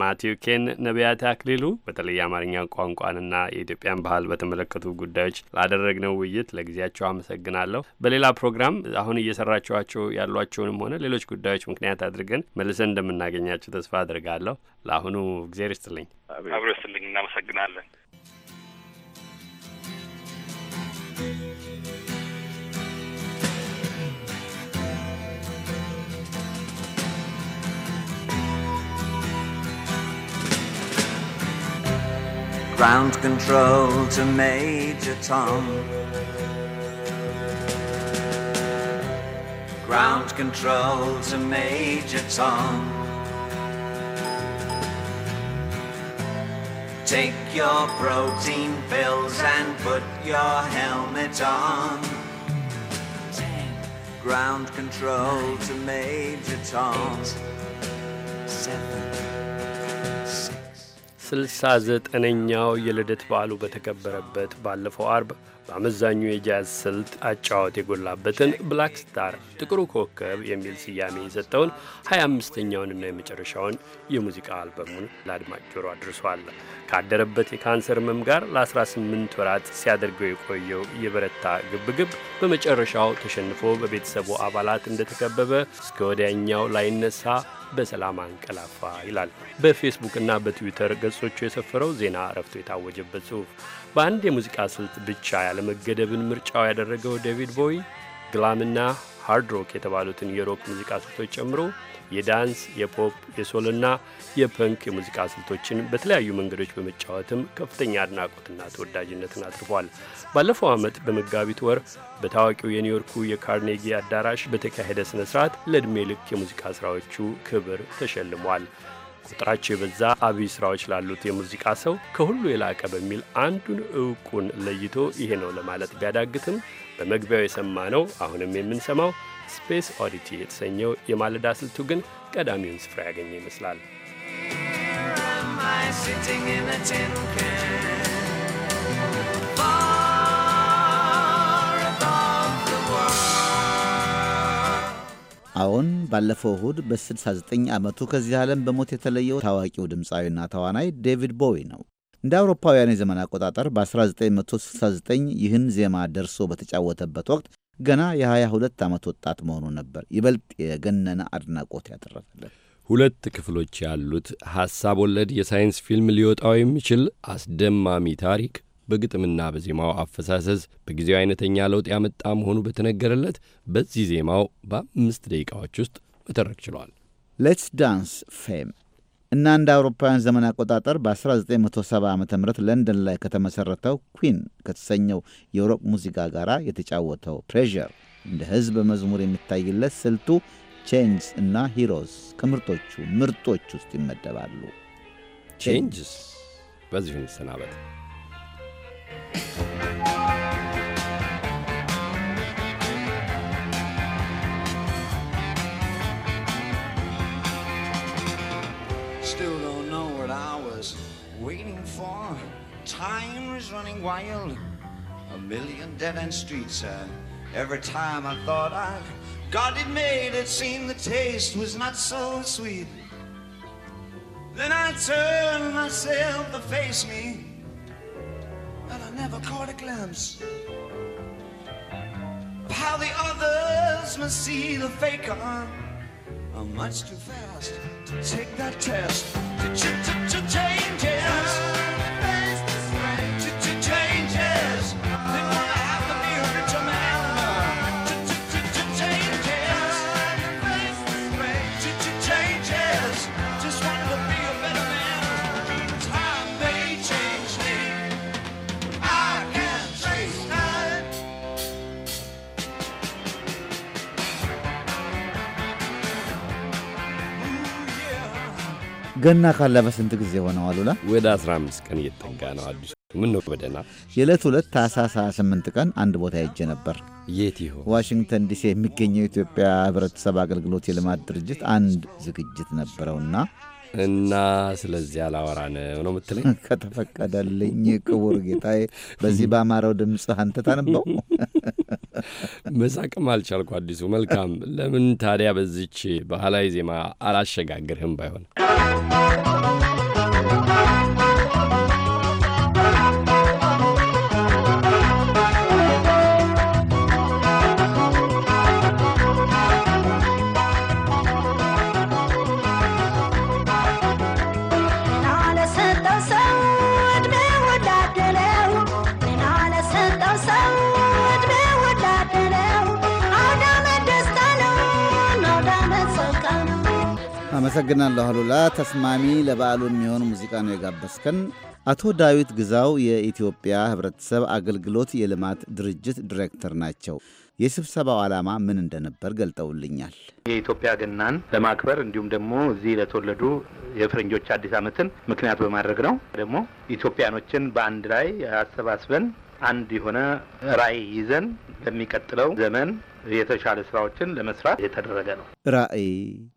ማቲው ኬን፣ ነቢያት አክሊሉ በተለይ የአማርኛ ቋንቋንና የኢትዮጵያን ባህል በተመለከቱ ጉዳዮች ላደረግነው ውይይት ለጊዜያቸው አመሰግናለሁ። በሌላ ፕሮግራም አሁን እየሰራችኋቸው ያሏቸውንም ሆነ ሌሎች ጉዳዮች ምክንያት አድርገን መልሰን እንደምናገኛቸው ተስፋ አድርጋለሁ። ለአሁኑ እግዜር ይስጥልኝ፣ አብሮ ይስጥልኝ። እናመሰግናለን። ground control to Major Tom. Ground control to Major Tom. Take your protein pills and put your helmet on. ground control to Major Tom. Eight, seven, ስልሳ ዘጠነኛው የልደት በዓሉ በተከበረበት ባለፈው አርብ በአመዛኙ የጃዝ ስልት አጫዋት የጎላበትን ብላክ ስታር ጥቁሩ ኮከብ የሚል ስያሜ የሰጠውን 25ኛውንና የመጨረሻውን የሙዚቃ አልበሙን ለአድማጭ ጆሮ አድርሷል። ካደረበት የካንሰር ህመም ጋር ለ18 ወራት ሲያደርገው የቆየው የበረታ ግብግብ በመጨረሻው ተሸንፎ በቤተሰቡ አባላት እንደተከበበ እስከ ወዲያኛው ላይነሳ በሰላም አንቀላፋ ይላል በፌስቡክና በትዊተር ገጾቹ የሰፈረው ዜና እረፍቱ የታወጀበት ጽሁፍ። በአንድ የሙዚቃ ስልት ብቻ ያለመገደብን ምርጫው ያደረገው ዴቪድ ቦይ ግላምና ሃርድ ሮክ የተባሉትን የሮክ ሙዚቃ ስልቶች ጨምሮ የዳንስ፣ የፖፕ፣ የሶልና የፐንክ የሙዚቃ ስልቶችን በተለያዩ መንገዶች በመጫወትም ከፍተኛ አድናቆትና ተወዳጅነትን አትርፏል። ባለፈው ዓመት በመጋቢት ወር በታዋቂው የኒውዮርኩ የካርኔጊ አዳራሽ በተካሄደ ስነ ስርዓት ለዕድሜ ልክ የሙዚቃ ሥራዎቹ ክብር ተሸልሟል። ቁጥራቸው የበዛ አብይ ስራዎች ላሉት የሙዚቃ ሰው ከሁሉ የላቀ በሚል አንዱን እውቁን ለይቶ ይሄ ነው ለማለት ቢያዳግትም በመግቢያው የሰማ ነው አሁንም የምንሰማው ስፔስ ኦዲቲ የተሰኘው የማለዳ ስልቱ ግን ቀዳሚውን ስፍራ ያገኘ ይመስላል። አዎን ባለፈው እሁድ በ69 ዓመቱ ከዚህ ዓለም በሞት የተለየው ታዋቂው ድምፃዊና ተዋናይ ዴቪድ ቦዊ ነው። እንደ አውሮፓውያን የዘመን አቆጣጠር በ1969 ይህን ዜማ ደርሶ በተጫወተበት ወቅት ገና የ22 ዓመት ወጣት መሆኑ ነበር ይበልጥ የገነነ አድናቆት ያደረገለን። ሁለት ክፍሎች ያሉት ሐሳብ ወለድ የሳይንስ ፊልም ሊወጣው የሚችል አስደማሚ ታሪክ በግጥምና በዜማው አፈሳሰስ በጊዜው አይነተኛ ለውጥ ያመጣ መሆኑ በተነገረለት በዚህ ዜማው በአምስት ደቂቃዎች ውስጥ መተረክ ችሏል። ሌትስ ዳንስ ፌም እና እንደ አውሮፓውያን ዘመን አቆጣጠር በ1970 ዓ ም ለንደን ላይ ከተመሠረተው ኩን ከተሰኘው የሮክ ሙዚቃ ጋር የተጫወተው ፕሬዠር እንደ ሕዝብ መዝሙር የሚታይለት ስልቱ ቼንጅስ እና ሂሮስ ከምርጦቹ ምርጦች ውስጥ ይመደባሉ። ቼንጅስ በዚሁ እንሰናበት። Still don't know what I was waiting for. Time is running wild. A million dead-end streets, uh, every time I thought I got it made, it seemed the taste was not so sweet. Then I turned myself to face me never caught a glimpse of how the others must see the faker. I'm much too fast to take that test. Did you ገና ካለፈ ስንት ጊዜ ሆነው? አሉላ ወደ 15 ቀን እየተጠጋ ነው። አዲሱ ምን ነው በደና የዕለት ሁለት ታህሳስ 28 ቀን አንድ ቦታ ሄጄ ነበር። የት ይሆን? ዋሽንግተን ዲሲ የሚገኘው የኢትዮጵያ ህብረተሰብ አገልግሎት የልማት ድርጅት አንድ ዝግጅት ነበረውና እና ስለዚህ አላወራንም ነው የምትለኝ? ከተፈቀደልኝ ክቡር ጌታዬ፣ በዚህ በአማረው ድምፅ አንተ ታነበው መሳቅም አልቻልኩ። አዲሱ መልካም፣ ለምን ታዲያ በዚች ባህላዊ ዜማ አላሸጋግርህም ባይሆን አመሰግናለሁ አሉላ። ተስማሚ ለበዓሉ የሚሆን ሙዚቃ ነው የጋበዝከን። አቶ ዳዊት ግዛው የኢትዮጵያ ሕብረተሰብ አገልግሎት የልማት ድርጅት ዲሬክተር ናቸው። የስብሰባው ዓላማ ምን እንደነበር ገልጠውልኛል። የኢትዮጵያ ገናን ለማክበር እንዲሁም ደግሞ እዚህ ለተወለዱ የፈረንጆች አዲስ ዓመትን ምክንያት በማድረግ ነው ደግሞ ኢትዮጵያኖችን በአንድ ላይ አሰባስበን አንድ የሆነ ራዕይ ይዘን በሚቀጥለው ዘመን የተሻለ ስራዎችን ለመስራት የተደረገ ነው። ራዕይ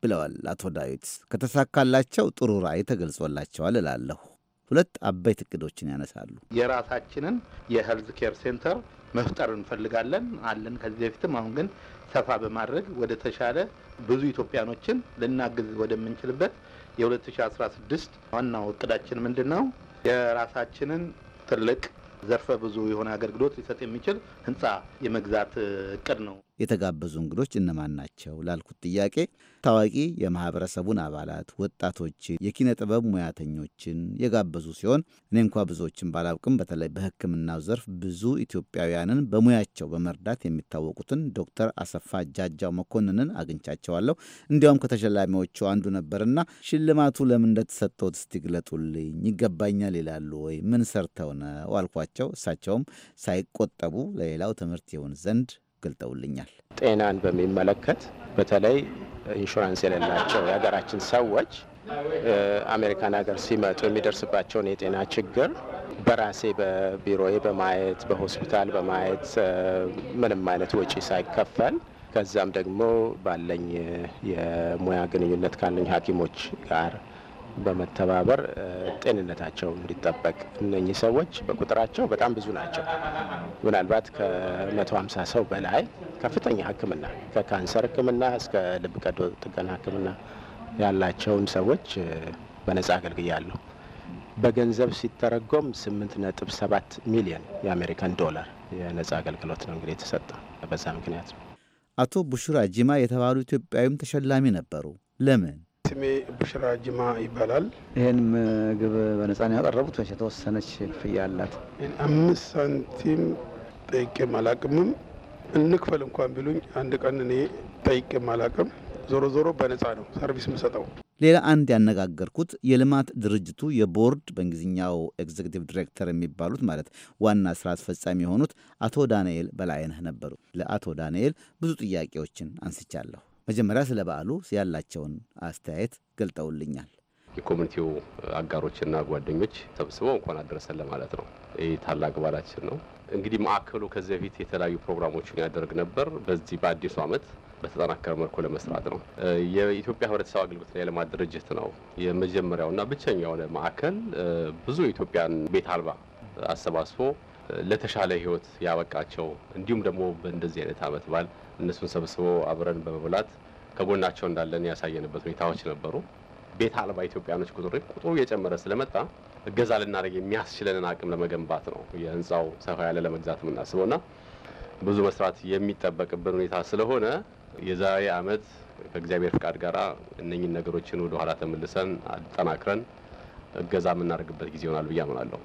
ብለዋል አቶ ዳዊት። ከተሳካላቸው ጥሩ ራዕይ ተገልጾላቸዋል እላለሁ። ሁለት አበይት እቅዶችን ያነሳሉ። የራሳችንን የሄልዝ ኬር ሴንተር መፍጠር እንፈልጋለን አለን ከዚህ በፊትም አሁን ግን ሰፋ በማድረግ ወደ ተሻለ ብዙ ኢትዮጵያኖችን ልናግዝ ወደምንችልበት የ2016 ዋናው እቅዳችን ምንድን ነው? የራሳችንን ትልቅ ዘርፈ ብዙ የሆነ አገልግሎት ሊሰጥ የሚችል ህንፃ የመግዛት እቅድ ነው። የተጋበዙ እንግዶች እነማን ናቸው ላልኩት ጥያቄ ታዋቂ የማህበረሰቡን አባላት፣ ወጣቶችን፣ የኪነ ጥበብ ሙያተኞችን የጋበዙ ሲሆን እኔ እንኳ ብዙዎችን ባላውቅም በተለይ በሕክምናው ዘርፍ ብዙ ኢትዮጵያውያንን በሙያቸው በመርዳት የሚታወቁትን ዶክተር አሰፋ ጃጃው መኮንንን አግኝቻቸዋለሁ። እንዲያውም ከተሸላሚዎቹ አንዱ ነበርና ሽልማቱ ለምን እንደተሰጠውት እስቲ ግለጡልኝ፣ ይገባኛል ይላሉ ወይ ምን ሰርተው ነው አልኳቸው። እሳቸውም ሳይቆጠቡ ለሌላው ትምህርት ይሆን ዘንድ ገልጠውልኛል። ጤናን በሚመለከት በተለይ ኢንሹራንስ የሌላቸው የሀገራችን ሰዎች አሜሪካን ሀገር ሲመጡ የሚደርስባቸውን የጤና ችግር በራሴ በቢሮዬ በማየት በሆስፒታል በማየት ምንም አይነት ወጪ ሳይከፈል ከዛም ደግሞ ባለኝ የሙያ ግንኙነት ካለኝ ሐኪሞች ጋር በመተባበር ጤንነታቸው እንዲጠበቅ እነኚህ ሰዎች በቁጥራቸው በጣም ብዙ ናቸው። ምናልባት ከ150 ሰው በላይ ከፍተኛ ሕክምና ከካንሰር ሕክምና እስከ ልብ ቀዶ ጥገና ሕክምና ያላቸውን ሰዎች በነጻ አገልግያለሁ። በገንዘብ ሲተረጎም 8.7 ሚሊዮን የአሜሪካን ዶላር የነጻ አገልግሎት ነው እንግዲህ የተሰጠው በዛ ምክንያት ነው። አቶ ቡሹራ ጂማ የተባሉ ኢትዮጵያዊም ተሸላሚ ነበሩ። ለምን? ስሜ ቡሽራ ጅማ ይባላል። ይህን ምግብ በነጻ ነው ያቀረቡት ወይስ የተወሰነች ክፍያ አላት? አምስት ሳንቲም ጠይቄም አላቅምም። እንክፈል እንኳን ቢሉኝ አንድ ቀን እኔ ጠይቄም አላቅም። ዞሮ ዞሮ በነጻ ነው ሰርቪስ ምሰጠው። ሌላ አንድ ያነጋገርኩት የልማት ድርጅቱ የቦርድ በእንግሊዝኛው ኤግዚክቲቭ ዲሬክተር የሚባሉት ማለት ዋና ስራ አስፈጻሚ የሆኑት አቶ ዳንኤል በላይነህ ነበሩ። ለአቶ ዳንኤል ብዙ ጥያቄዎችን አንስቻለሁ። መጀመሪያ ስለ በዓሉ ያላቸውን አስተያየት ገልጠውልኛል። የኮሚኒቲው አጋሮችና ጓደኞች ሰብስበው እንኳን አደረሰን ለማለት ነው። ይህ ታላቅ በዓላችን ነው። እንግዲህ ማዕከሉ ከዚህ በፊት የተለያዩ ፕሮግራሞችን ያደርግ ነበር። በዚህ በአዲሱ ዓመት በተጠናከረ መልኩ ለመስራት ነው። የኢትዮጵያ ሕብረተሰብ አገልግሎትና የልማት ድርጅት ነው የመጀመሪያውና ብቸኛ የሆነ ማዕከል ብዙ የኢትዮጵያን ቤት አልባ አሰባስቦ ለተሻለ ሕይወት ያበቃቸው እንዲሁም ደግሞ በእንደዚህ አይነት ዓመት በዓል እነሱን ሰብስቦ አብረን በመብላት ከጎናቸው እንዳለን ያሳየንበት ሁኔታዎች ነበሩ። ቤት አልባ ኢትዮጵያኖች ቁጥር ቁጥሩ እየጨመረ ስለመጣ እገዛ ልናደርግ የሚያስችለንን አቅም ለመገንባት ነው የህንፃው ሰፋ ያለ ለመግዛት የምናስበው ና ብዙ መስራት የሚጠበቅብን ሁኔታ ስለሆነ የዛሬ አመት ከእግዚአብሔር ፍቃድ ጋር እነኝን ነገሮችን ወደ ኋላ ተመልሰን አጠናክረን እገዛ የምናደርግበት ጊዜ ይሆናል ብዬ አምናለሁ።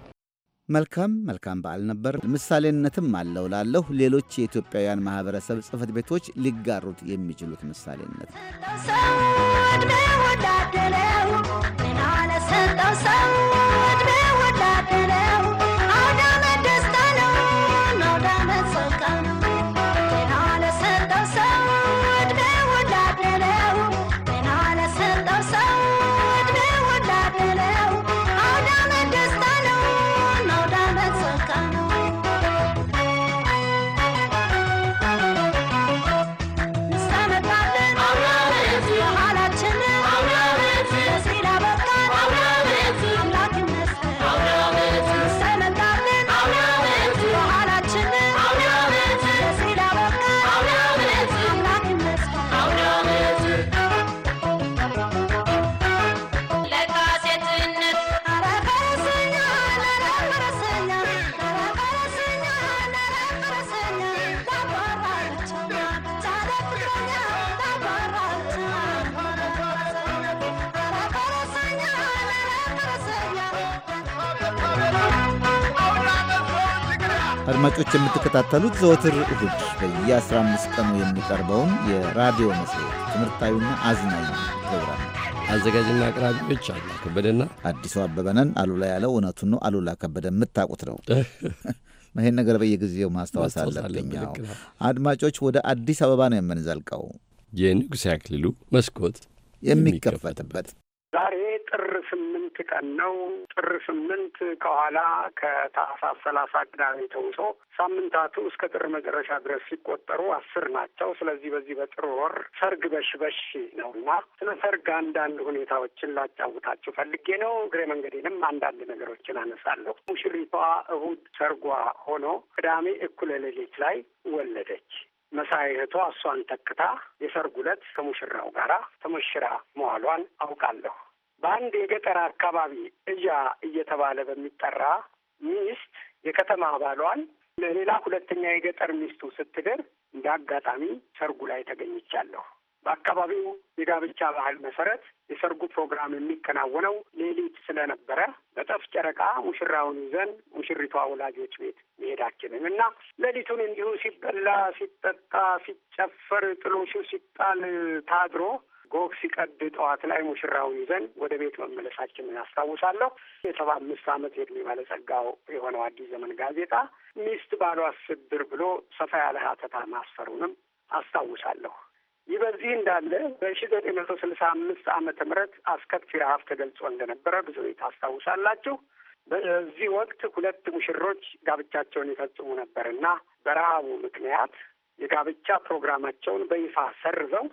መልካም መልካም በዓል ነበር። ምሳሌነትም አለው ላለሁ ሌሎች የኢትዮጵያውያን ማህበረሰብ ጽህፈት ቤቶች ሊጋሩት የሚችሉት ምሳሌነት ሰው አድማጮች የምትከታተሉት ዘወትር እሁድ በየ15 ቀኑ የሚቀርበውን የራዲዮ መጽሔት ትምህርታዊና አዝናኝ ፕሮግራም አዘጋጅና አቅራቢዎች አሉላ ከበደና አዲሱ አበበነን። አሉላ ያለው እውነቱን ነው። አሉላ ከበደ የምታውቁት ነው። ይህን ነገር በየጊዜው ማስታወስ አለብኝ። አድማጮች፣ ወደ አዲስ አበባ ነው የምንዘልቀው የንጉሴ አክሊሉ መስኮት የሚከፈትበት ዛሬ ጥር ስምንት ቀን ነው። ጥር ስምንት ከኋላ ከታህሳስ ሰላሳ ቅዳሜ ተውሶ ሳምንታቱ እስከ ጥር መጨረሻ ድረስ ሲቆጠሩ አስር ናቸው። ስለዚህ በዚህ በጥር ወር ሰርግ በሽበሽ ነው እና ስለ ሰርግ አንዳንድ ሁኔታዎችን ላጫውታችሁ ፈልጌ ነው። እግሬ መንገዴንም አንዳንድ ነገሮችን አነሳለሁ። ሙሽሪቷ እሁድ ሰርጓ ሆኖ ቅዳሜ እኩለ ሌሊት ላይ ወለደች። መሳይህቷ እሷን ተክታ የሰርጉ ዕለት ከሙሽራው ጋራ ተሞሽራ መዋሏን አውቃለሁ። በአንድ የገጠር አካባቢ እዣ እየተባለ በሚጠራ ሚስት የከተማ ባሏን ለሌላ ሁለተኛ የገጠር ሚስቱ ስትድር እንደ አጋጣሚ ሰርጉ ላይ ተገኝቻለሁ። በአካባቢው የጋብቻ ባህል መሰረት የሰርጉ ፕሮግራም የሚከናወነው ሌሊት ስለነበረ በጠፍ ጨረቃ ሙሽራውን ይዘን ሙሽሪቷ ወላጆች ቤት መሄዳችንን እና ሌሊቱን እንዲሁ ሲበላ ሲጠጣ ሲጨፈር ጥሎሹ ሲጣል ታድሮ ጎህ ሲቀድ ጠዋት ላይ ሙሽራውን ይዘን ወደ ቤት መመለሳችንን አስታውሳለሁ። የሰባ አምስት ዓመት የዕድሜ ባለጸጋው የሆነው አዲስ ዘመን ጋዜጣ ሚስት ባሏ ስድር ብሎ ሰፋ ያለ ሀተታ ማስፈሩንም አስታውሳለሁ። ይህ በዚህ እንዳለ በሺ ዘጠኝ መቶ ስልሳ አምስት ዓመተ ምህረት አስከፊ ረሀብ ተገልጾ እንደነበረ ብዙ ታስታውሳላችሁ። በዚህ ወቅት ሁለት ሙሽሮች ጋብቻቸውን ይፈጽሙ ነበርና በረሀቡ ምክንያት የጋብቻ ፕሮግራማቸውን በይፋ ሰርዘው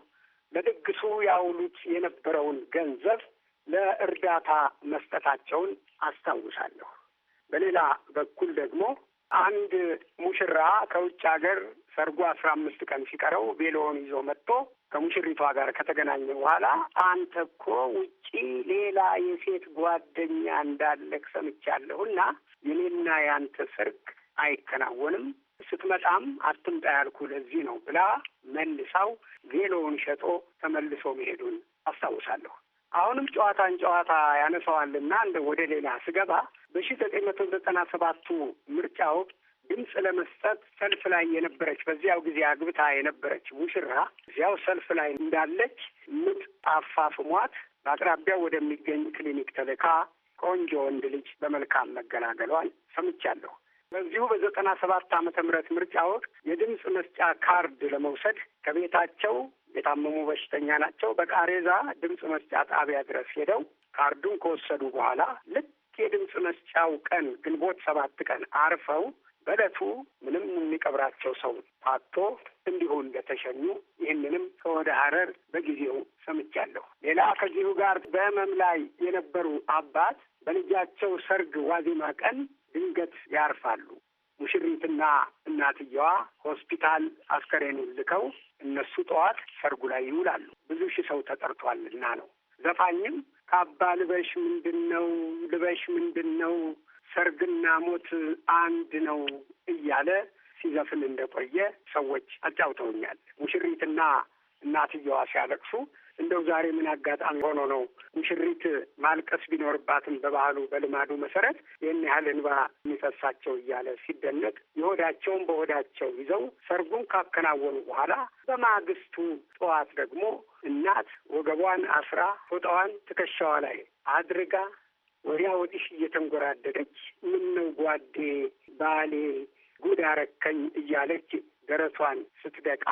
ለድግሱ ያውሉት የነበረውን ገንዘብ ለእርዳታ መስጠታቸውን አስታውሳለሁ። በሌላ በኩል ደግሞ አንድ ሙሽራ ከውጭ ሀገር ሰርጉ አስራ አምስት ቀን ሲቀረው ቤሎውን ይዞ መጥቶ ከሙሽሪቷ ጋር ከተገናኘ በኋላ አንተ እኮ ውጪ ሌላ የሴት ጓደኛ እንዳለህ ሰምቻለሁና የኔና የአንተ ሰርግ አይከናወንም ስትመጣም አትምጣ ያልኩ ለዚህ ነው ብላ መልሳው ቬሎውን ሸጦ ተመልሶ መሄዱን አስታውሳለሁ። አሁንም ጨዋታን ጨዋታ ያነሳዋልና እንደ ወደ ሌላ ስገባ በሺ ዘጠኝ መቶ ዘጠና ሰባቱ ምርጫ ወቅት ድምፅ ለመስጠት ሰልፍ ላይ የነበረች በዚያው ጊዜ አግብታ የነበረች ሙሽራ እዚያው ሰልፍ ላይ እንዳለች ምጥ አፋፍሟት በአቅራቢያው ወደሚገኝ ክሊኒክ ተልካ ቆንጆ ወንድ ልጅ በመልካም መገላገሏን ሰምቻለሁ። በዚሁ በዘጠና ሰባት ዓመተ ምህረት ምርጫ ወቅት የድምፅ መስጫ ካርድ ለመውሰድ ከቤታቸው የታመሙ በሽተኛ ናቸው፣ በቃሬዛ ድምፅ መስጫ ጣቢያ ድረስ ሄደው ካርዱን ከወሰዱ በኋላ ልክ የድምፅ መስጫው ቀን ግንቦት ሰባት ቀን አርፈው በእለቱ ምንም የሚቀብራቸው ሰው ታቶ እንዲሁ እንደተሸኙ ይህንንም ከወደ ሀረር በጊዜው ሰምቻለሁ። ሌላ ከዚሁ ጋር በህመም ላይ የነበሩ አባት በልጃቸው ሰርግ ዋዜማ ቀን ድንገት ያርፋሉ። ሙሽሪትና እናትየዋ ሆስፒታል አስከሬኑን ልከው እነሱ ጠዋት ሰርጉ ላይ ይውላሉ። ብዙ ሺህ ሰው ተጠርቷልና ነው። ዘፋኝም ካባ ልበሽ ምንድን ነው ልበሽ ምንድን ነው ሰርግና ሞት አንድ ነው እያለ ሲዘፍን እንደቆየ ሰዎች አጫውተውኛል። ሙሽሪትና እናትየዋ ሲያለቅሱ እንደው ዛሬ ምን አጋጣሚ ሆኖ ነው ሙሽሪት ማልቀስ ቢኖርባትም በባህሉ በልማዱ መሰረት ይህን ያህል እንባ የሚፈሳቸው እያለ ሲደነቅ የሆዳቸውን በሆዳቸው ይዘው ሰርጉን ካከናወኑ በኋላ በማግስቱ ጠዋት ደግሞ እናት ወገቧን አስራ ፎጣዋን ትከሻዋ ላይ አድርጋ ወዲያ ወዲህ እየተንጎራደደች ምን ነው ጓዴ፣ ባሌ ጉድ አረከኝ እያለች ደረቷን ስትደቃ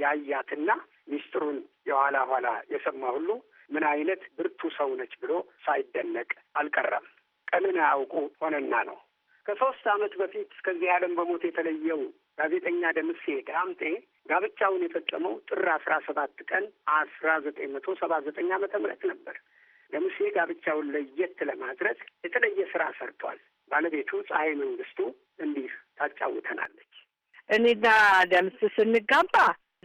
ያያትና ሚስጥሩን የኋላ ኋላ የሰማ ሁሉ ምን አይነት ብርቱ ሰው ነች ብሎ ሳይደነቅ አልቀረም። ቀንን አያውቁ ሆነና ነው። ከሶስት ዓመት በፊት ከዚህ ዓለም በሞት የተለየው ጋዜጠኛ ደምሴ ዳምጤ ጋብቻውን የፈጸመው ጥር አስራ ሰባት ቀን አስራ ዘጠኝ መቶ ሰባ ዘጠኝ ዓመተ ምህረት ነበር። ደምሴ ጋብቻውን ለየት ለማድረግ የተለየ ስራ ሰርቷል። ባለቤቱ ፀሐይ መንግስቱ እንዲህ ታጫውተናለች። እኔና ደምስ ስንጋባ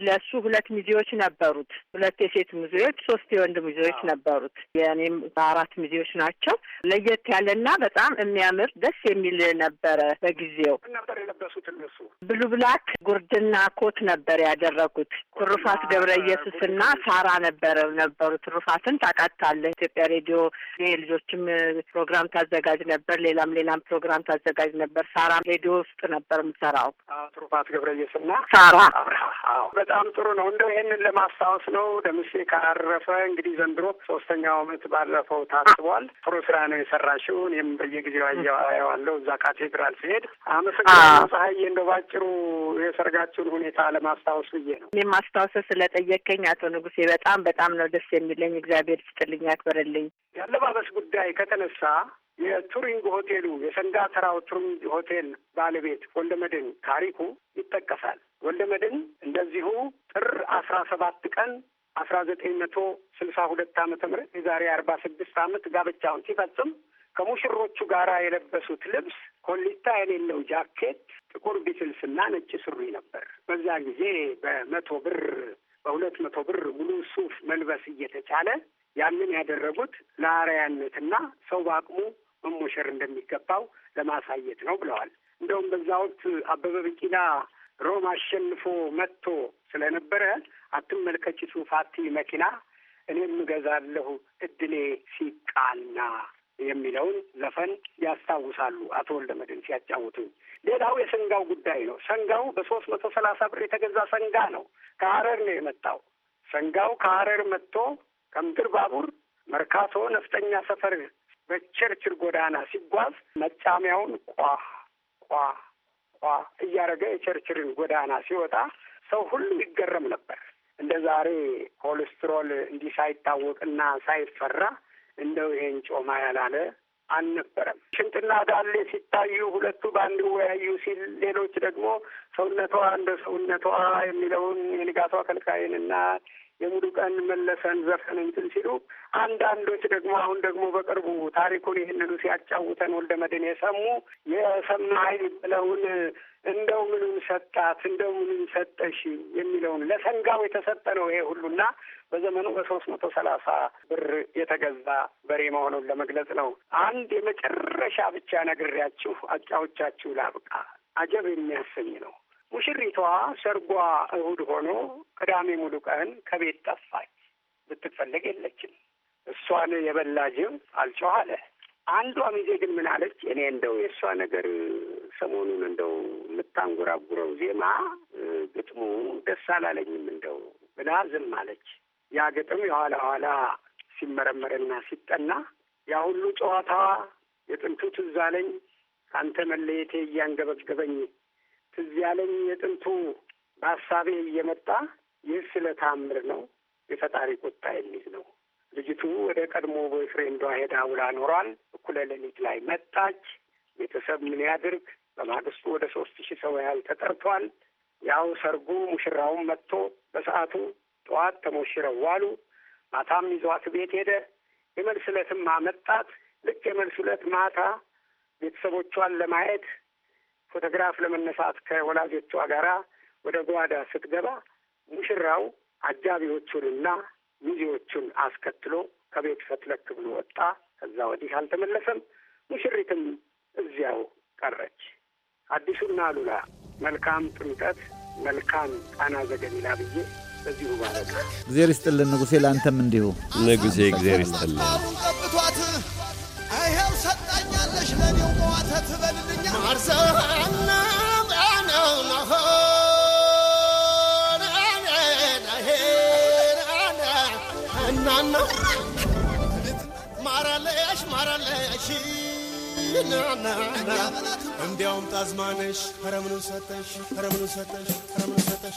ለሱ ሁለት ሚዜዎች ነበሩት። ሁለት የሴት ሚዜዎች፣ ሶስት የወንድ ሚዜዎች ነበሩት። የእኔም አራት ሚዜዎች ናቸው። ለየት ያለና በጣም የሚያምር ደስ የሚል ነበረ። በጊዜው ነበር የለበሱት እነሱ ብሉ ብላክ ጉርድና ኮት ነበር ያደረጉት። ትሩፋት ገብረ ኢየሱስና ሳራ ነበረ ነበሩ። ትሩፋትን ታውቃታለህ? ኢትዮጵያ ሬዲዮ የልጆችም ፕሮግራም ታዘጋጅ ነበር። ሌላም ሌላም ፕሮግራም ታዘጋጅ ነበር። ሳራ ሬዲዮ ውስጥ ነበር የምሰራው። ትሩፋት ገብረ ኢየሱስና ሳራ በጣም ጥሩ ነው። እንደው ይህንን ለማስታወስ ነው። ደምሴ ካረፈ እንግዲህ ዘንድሮ ሶስተኛው አመት ባለፈው ታስቧል። ጥሩ ስራ ነው የሰራሽው። እኔም በየጊዜው አየዋለሁ እዛ ካቴድራል ሲሄድ። አመሰግናለሁ ፀሐዬ። እንደው ባጭሩ የሰርጋችሁን ሁኔታ ለማስታወስ ብዬ ነው። እኔም ማስታወሰ ስለጠየቀኝ አቶ ንጉሴ በጣም በጣም ነው ደስ የሚለኝ። እግዚአብሔር ስጥልኝ፣ ያክበረልኝ። የአለባበስ ጉዳይ ከተነሳ የቱሪንግ ሆቴሉ ተራው ቱሪንግ ሆቴል ባለቤት ወልደመድን ታሪኩ ይጠቀሳል። ወልደመድን እንደዚሁ ጥር አስራ ሰባት ቀን አስራ ዘጠኝ መቶ ስልሳ ሁለት ዓመተ ምህረት የዛሬ አርባ ስድስት ዓመት ጋብቻውን ሲፈጽም ከሙሽሮቹ ጋር የለበሱት ልብስ ኮሊታ የሌለው ጃኬት፣ ጥቁር ቢስልስና ነጭ ሱሪ ነበር። በዛ ጊዜ በመቶ ብር በሁለት መቶ ብር ሙሉ ሱፍ መልበስ እየተቻለ ያንን ያደረጉት ለአርአያነትና ሰው በአቅሙ መሞሸር እንደሚገባው ለማሳየት ነው ብለዋል። እንደውም በዛ ወቅት አበበ ቢቂላ ሮም አሸንፎ መጥቶ ስለነበረ አትመልከቺ ሱፋቲ መኪና እኔም እገዛለሁ እድሌ ሲቃና የሚለውን ዘፈን ያስታውሳሉ አቶ ወልደ መድን ሲያጫውቱኝ። ሌላው የሰንጋው ጉዳይ ነው። ሰንጋው በሶስት መቶ ሰላሳ ብር የተገዛ ሰንጋ ነው። ከሀረር ነው የመጣው። ሰንጋው ከሀረር መጥቶ ከምድር ባቡር መርካቶ ነፍጠኛ ሰፈር በቸርችል ጎዳና ሲጓዝ መጫሚያውን ቋ ቋ እያደረገ የቸርችልን ጎዳና ሲወጣ ሰው ሁሉ ይገረም ነበር። እንደ ዛሬ ኮሌስትሮል እንዲህ ሳይታወቅና ሳይፈራ እንደው ይሄን ጮማ ያላለ አልነበረም። ሽንጥና ዳሌ ሲታዩ ሁለቱ በአንድ ወያዩ ሲል፣ ሌሎች ደግሞ ሰውነቷ እንደ ሰውነቷ የሚለውን የንጋቷ ከልካይንና የሙሉ ቀን መለሰን ዘፈን እንትን ሲሉ አንዳንዶች ደግሞ አሁን ደግሞ በቅርቡ ታሪኩን ይህንኑ ሲያጫውተን ወልደ መድን የሰሙ የሰማኸኝ ብለውን እንደው ምኑን ሰጣት እንደው ምኑን ሰጠሽ የሚለውን ለሰንጋው የተሰጠ ነው ይሄ ሁሉና በዘመኑ በሶስት መቶ ሰላሳ ብር የተገዛ በሬ መሆኑን ለመግለጽ ነው። አንድ የመጨረሻ ብቻ ነግሬያችሁ አጫዎቻችሁ ላብቃ። አጀብ የሚያሰኝ ነው። ሙሽሪቷ ሰርጓ እሁድ ሆኖ ቅዳሜ ሙሉ ቀን ከቤት ጠፋች። ብትፈለግ የለችም። እሷን የበላ ጅብ አልጮኸ አለ። አንዷ ሚዜ ግን ምን አለች? እኔ እንደው የእሷ ነገር ሰሞኑን እንደው የምታንጎራጉረው ዜማ ግጥሙ ደስ አላለኝም እንደው ብላ ዝም አለች። ያ ግጥም የኋላ ኋላ ሲመረመርና ሲጠና ያ ሁሉ ጨዋታዋ የጥንቱ ትዝ አለኝ፣ ከአንተ መለየቴ እያንገበገበኝ ትዝ ያለኝ የጥንቱ በሀሳቤ እየመጣ ይህ ስለ ታምር ነው፣ የፈጣሪ ቁጣ የሚል ነው። ልጅቱ ወደ ቀድሞ ቦይፍሬንዷ ሄዳ ውላ ኖሯል። እኩለ ሌሊት ላይ መጣች። ቤተሰብ ምን ያድርግ? በማግስቱ ወደ ሶስት ሺህ ሰው ያህል ተጠርቷል። ያው ሰርጉ ሙሽራውን መጥቶ በሰዓቱ ጠዋት ተሞሽረው ዋሉ። ማታም ይዟት ቤት ሄደ። የመልስ ዕለትም አመጣት። ልክ የመልስ ዕለት ማታ ቤተሰቦቿን ለማየት ፎቶግራፍ ለመነሳት ከወላጆቿ ጋራ ወደ ጓዳ ስትገባ ሙሽራው አጃቢዎቹንና ሚዜዎቹን አስከትሎ ከቤት ፈትለክ ብሎ ወጣ። ከዛ ወዲህ አልተመለሰም። ሙሽሪትም እዚያው ቀረች። አዲሱና አሉላ መልካም ጥምቀት፣ መልካም ቃና ዘገሊላ ብዬ በዚሁ ባበቃ። እግዜር ይስጥልን ንጉሴ፣ ለአንተም እንዲሁ ንጉሴ፣ እግዜር ይስጥልን። ይኸው ሰጣኛለሽ ለኔው መዋተ ትበልልኛ ማርሰሃና ናና ማራለሽ ማራለሽ ናና እንዲያውም ጣዝማነሽ ኧረ ሰጠሽ ኧረ ሰጠሽ ኧረ ሰጠሽ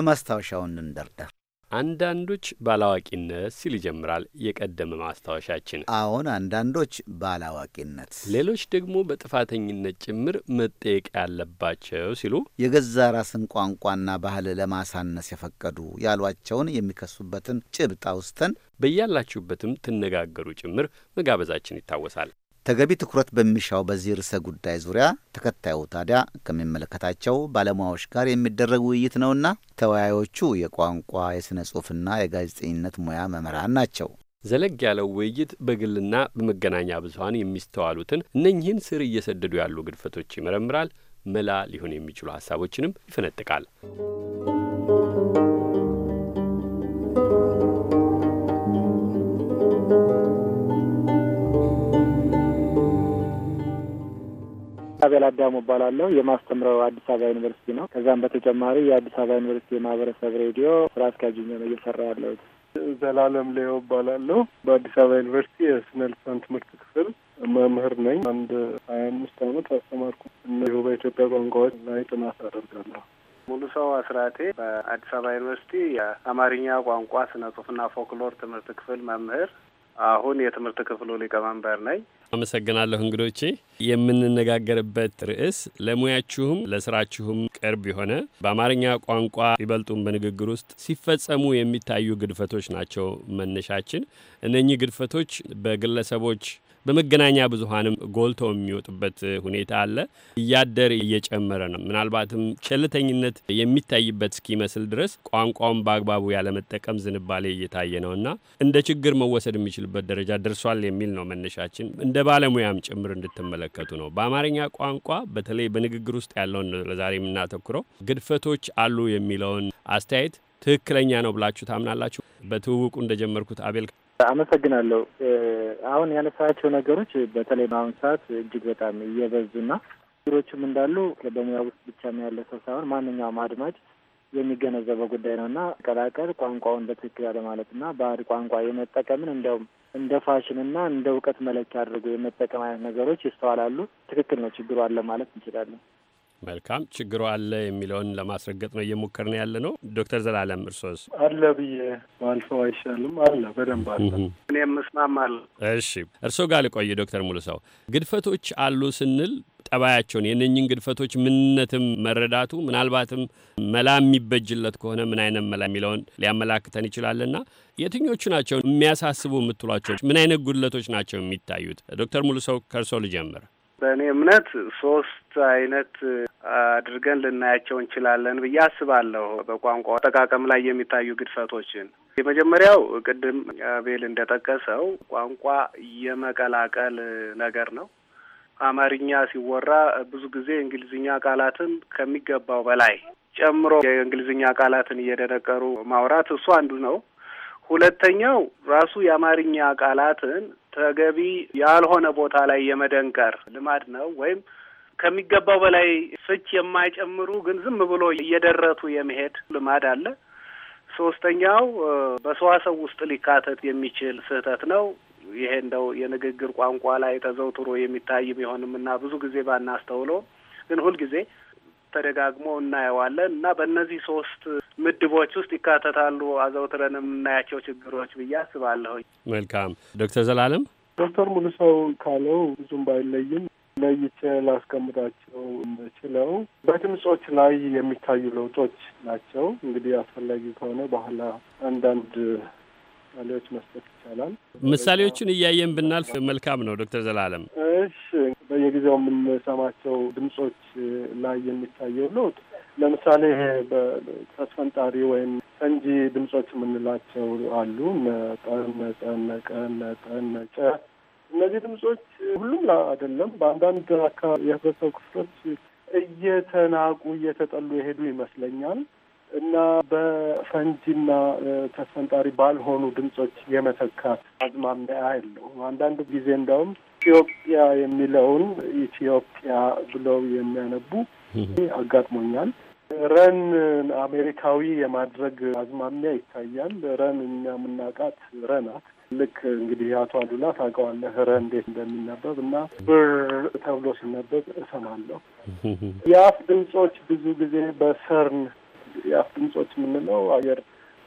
በማስታወሻው እንንደርደር። አንዳንዶች ባላዋቂነት ሲል ይጀምራል የቀደመ ማስታወሻችን። አዎን፣ አንዳንዶች ባላዋቂነት፣ ሌሎች ደግሞ በጥፋተኝነት ጭምር መጠየቅ ያለባቸው ሲሉ የገዛ ራስን ቋንቋና ባህል ለማሳነስ የፈቀዱ ያሏቸውን የሚከሱበትን ጭብጥ አውስተን በያላችሁበትም ትነጋገሩ ጭምር መጋበዛችን ይታወሳል። ተገቢ ትኩረት በሚሻው በዚህ ርዕሰ ጉዳይ ዙሪያ ተከታዩ ታዲያ ከሚመለከታቸው ባለሙያዎች ጋር የሚደረግ ውይይት ነውና ተወያዮቹ የቋንቋ የሥነ ጽሑፍና የጋዜጠኝነት ሙያ መምህራን ናቸው። ዘለግ ያለው ውይይት በግልና በመገናኛ ብዙኃን የሚስተዋሉትን እነኚህን ስር እየሰደዱ ያሉ ግድፈቶች ይመረምራል። መላ ሊሆን የሚችሉ ሀሳቦችንም ይፈነጥቃል። thank you አቤል አዳሙ እባላለሁ። የማስተምረው አዲስ አበባ ዩኒቨርሲቲ ነው። ከዛም በተጨማሪ የአዲስ አበባ ዩኒቨርሲቲ የማህበረሰብ ሬዲዮ ስራ አስኪያጅ ነው እየሰራ ያለሁት። ዘላለም ሌዮ እባላለሁ። በአዲስ አበባ ዩኒቨርሲቲ የስነ ልሳን ትምህርት ክፍል መምህር ነኝ። አንድ ሀያ አምስት አመት አስተማርኩ። እነዚሁ በኢትዮጵያ ቋንቋዎች ላይ ጥናት አደርጋለሁ። ሙሉ ሰው አስራቴ በአዲስ አበባ ዩኒቨርሲቲ የአማርኛ ቋንቋ ስነ ጽሁፍና ፎክሎር ትምህርት ክፍል መምህር አሁን የትምህርት ክፍሉ ሊቀመንበር ነኝ። አመሰግናለሁ። እንግዶቼ የምንነጋገርበት ርዕስ ለሙያችሁም ለስራችሁም ቅርብ የሆነ በአማርኛ ቋንቋ ይበልጡን በንግግር ውስጥ ሲፈጸሙ የሚታዩ ግድፈቶች ናቸው መነሻችን። እነኚህ ግድፈቶች በግለሰቦች በመገናኛ ብዙሀንም ጎልተው የሚወጡበት ሁኔታ አለ። እያደር እየጨመረ ነው። ምናልባትም ቸልተኝነት የሚታይበት እስኪመስል ድረስ ቋንቋውን በአግባቡ ያለመጠቀም ዝንባሌ እየታየ ነው እና እንደ ችግር መወሰድ የሚችልበት ደረጃ ደርሷል የሚል ነው መነሻችን። እንደ ባለሙያም ጭምር እንድትመለከቱ ነው። በአማርኛ ቋንቋ በተለይ በንግግር ውስጥ ያለውን ለዛሬ የምናተኩረው ግድፈቶች አሉ የሚለውን አስተያየት ትክክለኛ ነው ብላችሁ ታምናላችሁ? በትውውቁ እንደጀመርኩት አቤል አመሰግናለሁ። አሁን ያነሳቸው ነገሮች በተለይ በአሁኑ ሰዓት እጅግ በጣም እየበዙና ችግሮችም እንዳሉ በሙያ ውስጥ ብቻ ያለ ሰው ሳይሆን ማንኛውም አድማጭ የሚገነዘበው ጉዳይ ነው እና ቀላቀል ቋንቋውን በትክክል ያለማለትና ባዕድ ቋንቋ የመጠቀምን እንዲያውም እንደ ፋሽንና እንደ እውቀት መለኪያ አድርጎ የመጠቀም አይነት ነገሮች ይስተዋላሉ። ትክክል ነው፣ ችግሩ አለ ማለት እንችላለን። መልካም ችግሩ አለ የሚለውን ለማስረገጥ ነው እየሞከርን ያለ ነው። ዶክተር ዘላለም እርሶስ? አለ ብዬ ማልፈው አይሻልም። አለ በደንብ አለ። እኔ ምስማማለሁ። እሺ እርስዎ ጋር ልቆይ ዶክተር ሙሉ ሰው ግድፈቶች አሉ ስንል ጠባያቸውን የነኝን ግድፈቶች ምንነትም መረዳቱ ምናልባትም መላ የሚበጅለት ከሆነ ምን አይነት መላ የሚለውን ሊያመላክተን ይችላልና የትኞቹ ናቸው የሚያሳስቡ የምትሏቸው? ምን አይነት ጉድለቶች ናቸው የሚታዩት? ዶክተር ሙሉ ሰው ከእርሶ ልጀምር። በእኔ እምነት ሶስት አይነት አድርገን ልናያቸው እንችላለን ብዬ አስባለሁ። በቋንቋ አጠቃቀም ላይ የሚታዩ ግድፈቶችን የመጀመሪያው ቅድም ቤል እንደጠቀሰው ቋንቋ የመቀላቀል ነገር ነው። አማርኛ ሲወራ ብዙ ጊዜ እንግሊዝኛ ቃላትን ከሚገባው በላይ ጨምሮ የእንግሊዝኛ ቃላትን እየደነቀሩ ማውራት እሱ አንዱ ነው። ሁለተኛው ራሱ የአማርኛ ቃላትን ተገቢ ያልሆነ ቦታ ላይ የመደንቀር ልማድ ነው ወይም ከሚገባው በላይ ፍች የማይጨምሩ ግን ዝም ብሎ እየደረቱ የመሄድ ልማድ አለ። ሶስተኛው በሰዋሰው ውስጥ ሊካተት የሚችል ስህተት ነው። ይሄ እንደው የንግግር ቋንቋ ላይ ተዘውትሮ የሚታይ ቢሆንም እና ብዙ ጊዜ ባናስተውለውም ግን ሁልጊዜ ተደጋግሞ እናየዋለን እና በእነዚህ ሶስት ምድቦች ውስጥ ይካተታሉ አዘውትረን የምናያቸው ችግሮች ብዬ አስባለሁኝ። መልካም ዶክተር ዘላለም ዶክተር ሙሉ ሰው ካለው ብዙም ባይለይም ለይቼ ላስቀምጣቸው የምችለው በድምጾች ላይ የሚታዩ ለውጦች ናቸው። እንግዲህ አስፈላጊ ከሆነ በኋላ አንዳንድ ምሳሌዎች መስጠት ይቻላል። ምሳሌዎቹን እያየን ብናልፍ መልካም ነው። ዶክተር ዘላለም እሺ በየጊዜው የምንሰማቸው ድምጾች ላይ የሚታየው ለውጥ ለምሳሌ ተስፈንጣሪ ወይም ፈንጂ ድምጾች የምንላቸው አሉ። መጠን ነጠ ነቀ ነጠ ነጨ። እነዚህ ድምጾች ሁሉም አይደለም፣ በአንዳንድ አካባቢ የህብረተሰብ ክፍሎች እየተናቁ እየተጠሉ የሄዱ ይመስለኛል እና በፈንጂና ተስፈንጣሪ ባልሆኑ ድምጾች የመተካት አዝማሚያ የለውም። አንዳንድ ጊዜ እንዳውም ኢትዮጵያ የሚለውን ኢትዮጵያ ብለው የሚያነቡ አጋጥሞኛል። ረን አሜሪካዊ የማድረግ አዝማሚያ ይታያል። ረን እኛ የምናውቃት ረናት ልክ እንግዲህ አቶ አሉላ ታውቀዋለህ፣ ረ እንዴት እንደሚነበብ እና ብር ተብሎ ሲነበብ እሰማለሁ። የአፍ ድምጾች ብዙ ጊዜ በሰርን የአፍ ድምጾች የምንለው አየር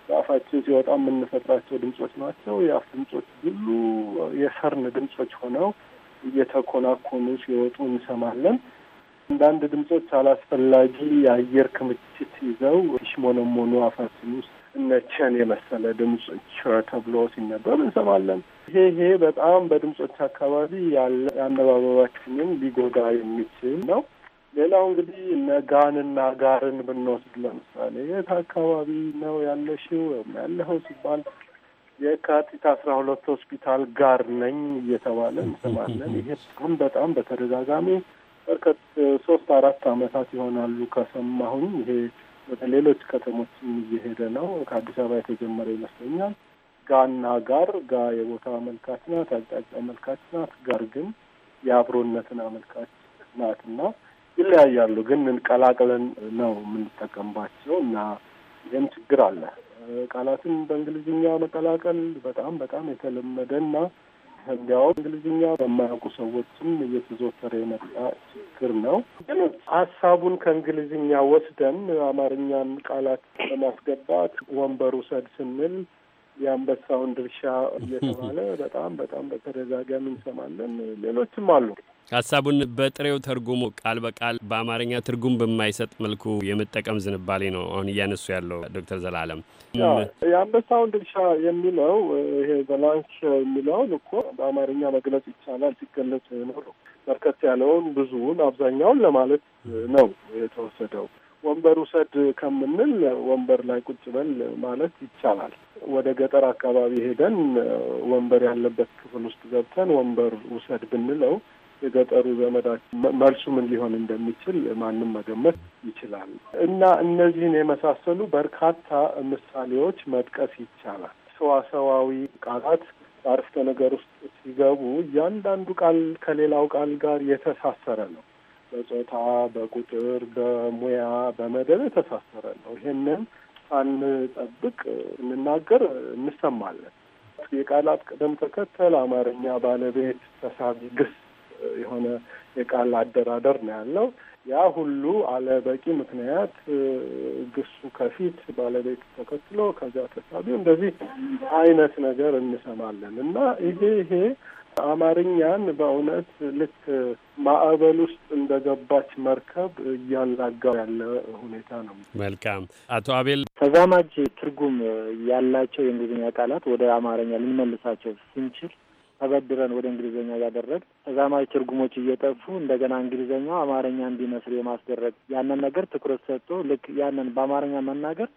በአፋችን ሲወጣ የምንፈጥራቸው ድምጾች ናቸው። የአፍ ድምጾች ሁሉ የሰርን ድምጾች ሆነው እየተኮናኮኑ ሲወጡ እንሰማለን። አንዳንድ ድምጾች አላስፈላጊ የአየር ክምችት ይዘው ሽሞነሞኑ አፋችን ውስጥ እነቸን የመሰለ ድምጾች ተብሎ ሲነበብ እንሰማለን። ይሄ ይሄ በጣም በድምጾች አካባቢ ያለ አነባበባችንን ሊጎዳ የሚችል ነው። ሌላው እንግዲህ ነጋንና ጋርን ብንወስድ ለምሳሌ የት አካባቢ ነው ያለሽው ያለኸው ሲባል የካቲት አስራ ሁለት ሆስፒታል ጋር ነኝ እየተባለ እንሰማለን። ይሄ አሁን በጣም በተደጋጋሚ በርከት ሶስት አራት አመታት ይሆናሉ ከሰማሁኝ። ይሄ ወደ ሌሎች ከተሞችም እየሄደ ነው። ከአዲስ አበባ የተጀመረ ይመስለኛል። ጋና ጋር ጋ የቦታ አመልካች ናት፣ አቅጣጫ አመልካች ናት። ጋር ግን የአብሮነትን አመልካች ናትና ይለያያሉ፣ ግን እንቀላቅለን ነው የምንጠቀምባቸው እና ይህም ችግር አለ። ቃላትን በእንግሊዝኛ መቀላቀል በጣም በጣም የተለመደና እንዲያውም እንግሊዝኛ በማያውቁ ሰዎችም እየተዘወተረ የመጣ ችግር ነው። ግን ሀሳቡን ከእንግሊዝኛ ወስደን አማርኛን ቃላት በማስገባት ወንበሩ ሰድ ስንል የአንበሳውን ድርሻ እየተባለ በጣም በጣም በተደጋጋሚ እንሰማለን። ሌሎችም አሉ። ሀሳቡን በጥሬው ተርጉሙ ቃል በቃል በአማርኛ ትርጉም በማይሰጥ መልኩ የመጠቀም ዝንባሌ ነው አሁን እያነሱ ያለው ዶክተር ዘላለም። የአንበሳውን ድርሻ የሚለው ይሄ ዘላንች የሚለውን እኮ በአማርኛ መግለጽ ይቻላል። ሲገለጽ ኖሮ በርከት ያለውን ብዙውን አብዛኛውን ለማለት ነው የተወሰደው። ወንበር ውሰድ ከምንል ወንበር ላይ ቁጭ በል ማለት ይቻላል። ወደ ገጠር አካባቢ ሄደን ወንበር ያለበት ክፍል ውስጥ ገብተን ወንበር ውሰድ ብንለው የገጠሩ ዘመዳችን መልሱ ምን ሊሆን እንደሚችል ማንም መገመት ይችላል እና እነዚህን የመሳሰሉ በርካታ ምሳሌዎች መጥቀስ ይቻላል። ሰዋሰዋዊ ቃላት አርፍተ ነገር ውስጥ ሲገቡ እያንዳንዱ ቃል ከሌላው ቃል ጋር የተሳሰረ ነው። በጾታ፣ በቁጥር፣ በሙያ፣ በመደብ የተሳሰረ ነው። ይሄንን ሳንጠብቅ እንናገር እንሰማለን። የቃላት ቅደም ተከተል አማርኛ ባለቤት፣ ተሳቢ፣ ግስ የሆነ የቃል አደራደር ነው ያለው። ያ ሁሉ አለበቂ ምክንያት ግሱ ከፊት ባለቤት ተከትሎ ከዚያ ተሳቢ እንደዚህ አይነት ነገር እንሰማለን እና ይሄ ይሄ አማርኛን በእውነት ልክ ማዕበል ውስጥ እንደገባች መርከብ እያላጋው ያለ ሁኔታ ነው። መልካም አቶ አቤል፣ ተዛማጅ ትርጉም ያላቸው የእንግሊዝኛ ቃላት ወደ አማርኛ ልንመልሳቸው ስንችል ተበድረን ወደ እንግሊዝኛ እያደረግ ተዛማጅ ትርጉሞች እየጠፉ እንደገና እንግሊዝኛው አማርኛ እንዲመስል የማስደረግ ያንን ነገር ትኩረት ሰጥቶ ልክ ያንን በአማርኛ መናገር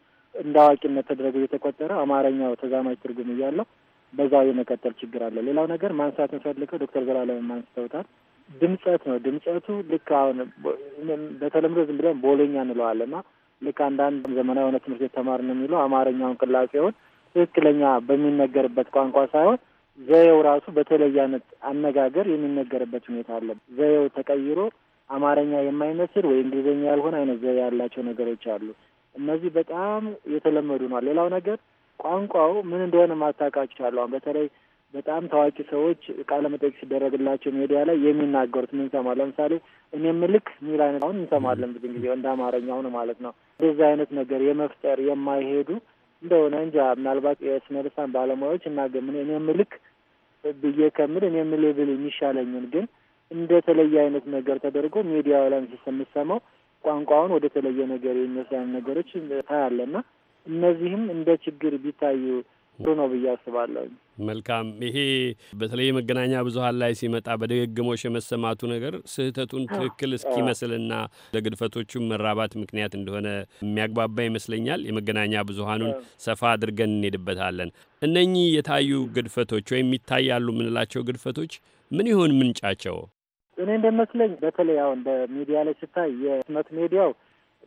እንደ አዋቂነት ተደረገ እየተቆጠረ አማርኛው ተዛማጅ ትርጉም እያለው በዛው የመቀጠል ችግር አለ። ሌላው ነገር ማንሳት እንፈልገው ዶክተር ዘላለም ማንስተውታል ድምጸት ነው። ድምጸቱ ልክ አሁን በተለምዶ ዝም ብለን ቦሎኛ እንለዋለና ልክ አንዳንድ ዘመናዊ የሆነ ትምህርት የተማርን የሚለው አማርኛውን ቅላጼውን ትክክለኛ በሚነገርበት ቋንቋ ሳይሆን ዘየው ራሱ በተለየ አይነት አነጋገር የሚነገርበት ሁኔታ አለ። ዘየው ተቀይሮ አማርኛ የማይመስል ወይ እንግሊዝኛ ያልሆነ አይነት ዘ ያላቸው ነገሮች አሉ። እነዚህ በጣም የተለመዱ ነው። ሌላው ነገር ቋንቋው ምን እንደሆነ ማታቃቸው አሉ። አሁን በተለይ በጣም ታዋቂ ሰዎች ቃለ መጠይቅ ሲደረግላቸው ሚዲያ ላይ የሚናገሩት ምንሰማ ለምሳሌ እኔ ምልክ ሚል አይነት አሁን እንሰማለን ብዙ ጊዜ እንደ አማርኛ ሆነ ማለት ነው። እንደዚህ አይነት ነገር የመፍጠር የማይሄዱ እንደሆነ እንጃ ምናልባት የስነ ልሳን ባለሙያዎች እናገምን እኔ ምልክ ብዬ ከምል እኔ ምል የሚሻለኝን ግን እንደ ተለየ አይነት ነገር ተደርጎ ሚዲያ ላይ የምሰማው ቋንቋውን ወደ ተለየ ነገር የሚወስዳን ነገሮች ታያለ እና እነዚህም እንደ ችግር ቢታዩ ጥሩ ነው ብዬ አስባለሁ። መልካም። ይሄ በተለይ መገናኛ ብዙኃን ላይ ሲመጣ በድግግሞሽ የመሰማቱ ነገር ስህተቱን ትክክል እስኪመስልና ለግድፈቶቹ መራባት ምክንያት እንደሆነ የሚያግባባ ይመስለኛል። የመገናኛ ብዙኃኑን ሰፋ አድርገን እንሄድበታለን። እነኚህ የታዩ ግድፈቶች ወይም ይታያሉ የምንላቸው ግድፈቶች ምን ይሆን ምንጫቸው? እኔ እንደመስለኝ በተለይ አሁን በሚዲያ ላይ ስታይ የህትመት ሚዲያው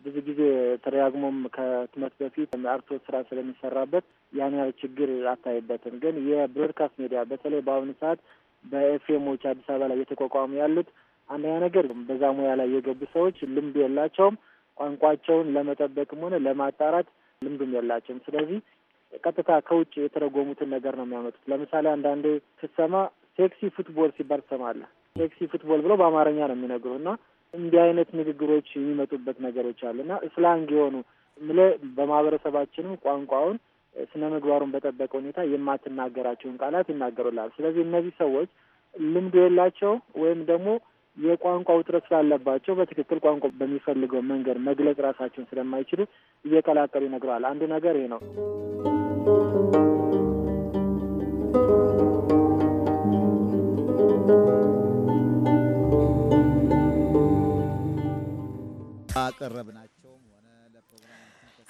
ብዙ ጊዜ ተደጋግሞም ከትምህርት በፊት አርቶ ስራ ስለሚሰራበት ያን ያህል ችግር አታይበትም። ግን የብሮድካስት ሚዲያ በተለይ በአሁኑ ሰዓት በኤፍኤሞች አዲስ አበባ ላይ እየተቋቋሙ ያሉት አንደኛ ነገር በዛ ሙያ ላይ የገቡ ሰዎች ልምድ የላቸውም። ቋንቋቸውን ለመጠበቅም ሆነ ለማጣራት ልምዱም የላቸውም። ስለዚህ ቀጥታ ከውጭ የተረጎሙትን ነገር ነው የሚያመጡት። ለምሳሌ አንዳንዴ ስትሰማ ሴክሲ ፉትቦል ሲባል ትሰማለህ። ሴክሲ ፉትቦል ብሎ በአማርኛ ነው የሚነግሩ እና እንዲህ አይነት ንግግሮች የሚመጡበት ነገሮች አሉና ስላንግ የሆኑ ምለ በማህበረሰባችንም ቋንቋውን ስነ ምግባሩን በጠበቀ ሁኔታ የማትናገራቸውን ቃላት ይናገሩላል። ስለዚህ እነዚህ ሰዎች ልምዱ የላቸው ወይም ደግሞ የቋንቋ ውጥረት ስላለባቸው በትክክል ቋንቋ በሚፈልገው መንገድ መግለጽ ራሳቸውን ስለማይችሉ እየቀላቀሉ ይነግረዋል። አንዱ ነገር ይሄ ነው። አቀረብናቸውም ሆነ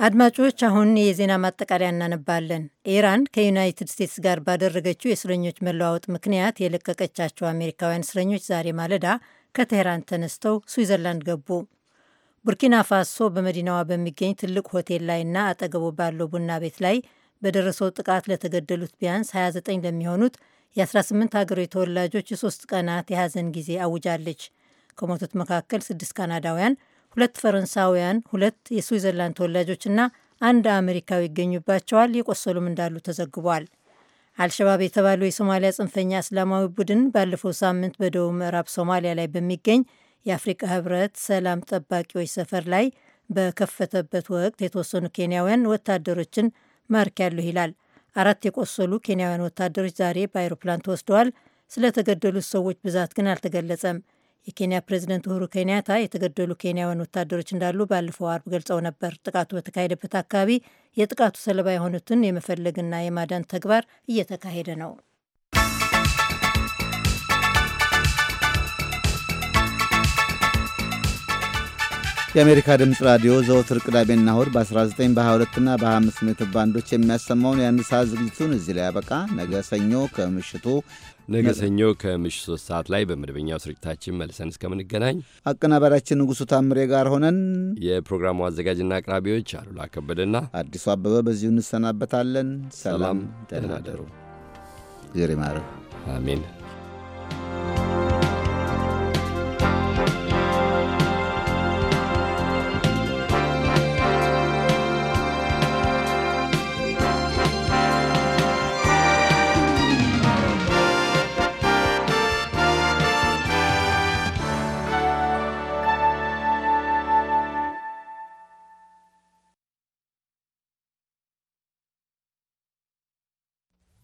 አድማጮች፣ አሁን የዜና ማጠቃለያ እናነባለን። ኢራን ከዩናይትድ ስቴትስ ጋር ባደረገችው የእስረኞች መለዋወጥ ምክንያት የለቀቀቻቸው አሜሪካውያን እስረኞች ዛሬ ማለዳ ከቴህራን ተነስተው ስዊዘርላንድ ገቡ። ቡርኪና ፋሶ በመዲናዋ በሚገኝ ትልቅ ሆቴል ላይና አጠገቡ ባለው ቡና ቤት ላይ በደረሰው ጥቃት ለተገደሉት ቢያንስ 29 ለሚሆኑት የ18 ሀገሮች ተወላጆች የሶስት ቀናት የሐዘን ጊዜ አውጃለች። ከሞቱት መካከል ስድስት ካናዳውያን ሁለት ፈረንሳውያን፣ ሁለት የስዊዘርላንድ ተወላጆችና አንድ አሜሪካዊ ይገኙባቸዋል። የቆሰሉም እንዳሉ ተዘግቧል። አልሸባብ የተባለው የሶማሊያ ጽንፈኛ እስላማዊ ቡድን ባለፈው ሳምንት በደቡብ ምዕራብ ሶማሊያ ላይ በሚገኝ የአፍሪካ ህብረት ሰላም ጠባቂዎች ሰፈር ላይ በከፈተበት ወቅት የተወሰኑ ኬንያውያን ወታደሮችን ያለሁ ይላል። አራት የቆሰሉ ኬንያውያን ወታደሮች ዛሬ በአይሮፕላን ተወስደዋል። ስለተገደሉት ሰዎች ብዛት ግን አልተገለጸም። የኬንያ ፕሬዚደንት ኡሁሩ ኬንያታ የተገደሉ ኬንያውያን ወታደሮች እንዳሉ ባለፈው አርብ ገልጸው ነበር። ጥቃቱ በተካሄደበት አካባቢ የጥቃቱ ሰለባ የሆኑትን የመፈለግና የማዳን ተግባር እየተካሄደ ነው። የአሜሪካ ድምፅ ራዲዮ ዘወትር ቅዳሜና እሁድ በ19 በ22ና በ25 ሜትር ባንዶች የሚያሰማውን የአንድ ሰዓት ዝግጅቱን እዚህ ላይ ያበቃ። ነገ ሰኞ ከምሽቱ ነገ ሰኞ ከምሽት ሶስት ሰዓት ላይ በመደበኛው ስርጭታችን መልሰን እስከምንገናኝ አቀናባሪያችን ንጉሱ ታምሬ ጋር ሆነን የፕሮግራሙ አዘጋጅና አቅራቢዎች አሉላ ከበደና አዲሱ አበበ በዚሁ እንሰናበታለን። ሰላም፣ ደህና ደሩ። እግዜር ይማረህ። አሜን።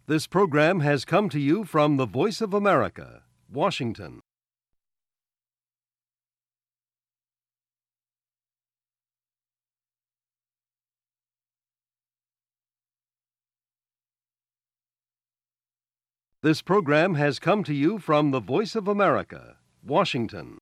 This program has come to you from the Voice of America, Washington. This program has come to you from the Voice of America, Washington.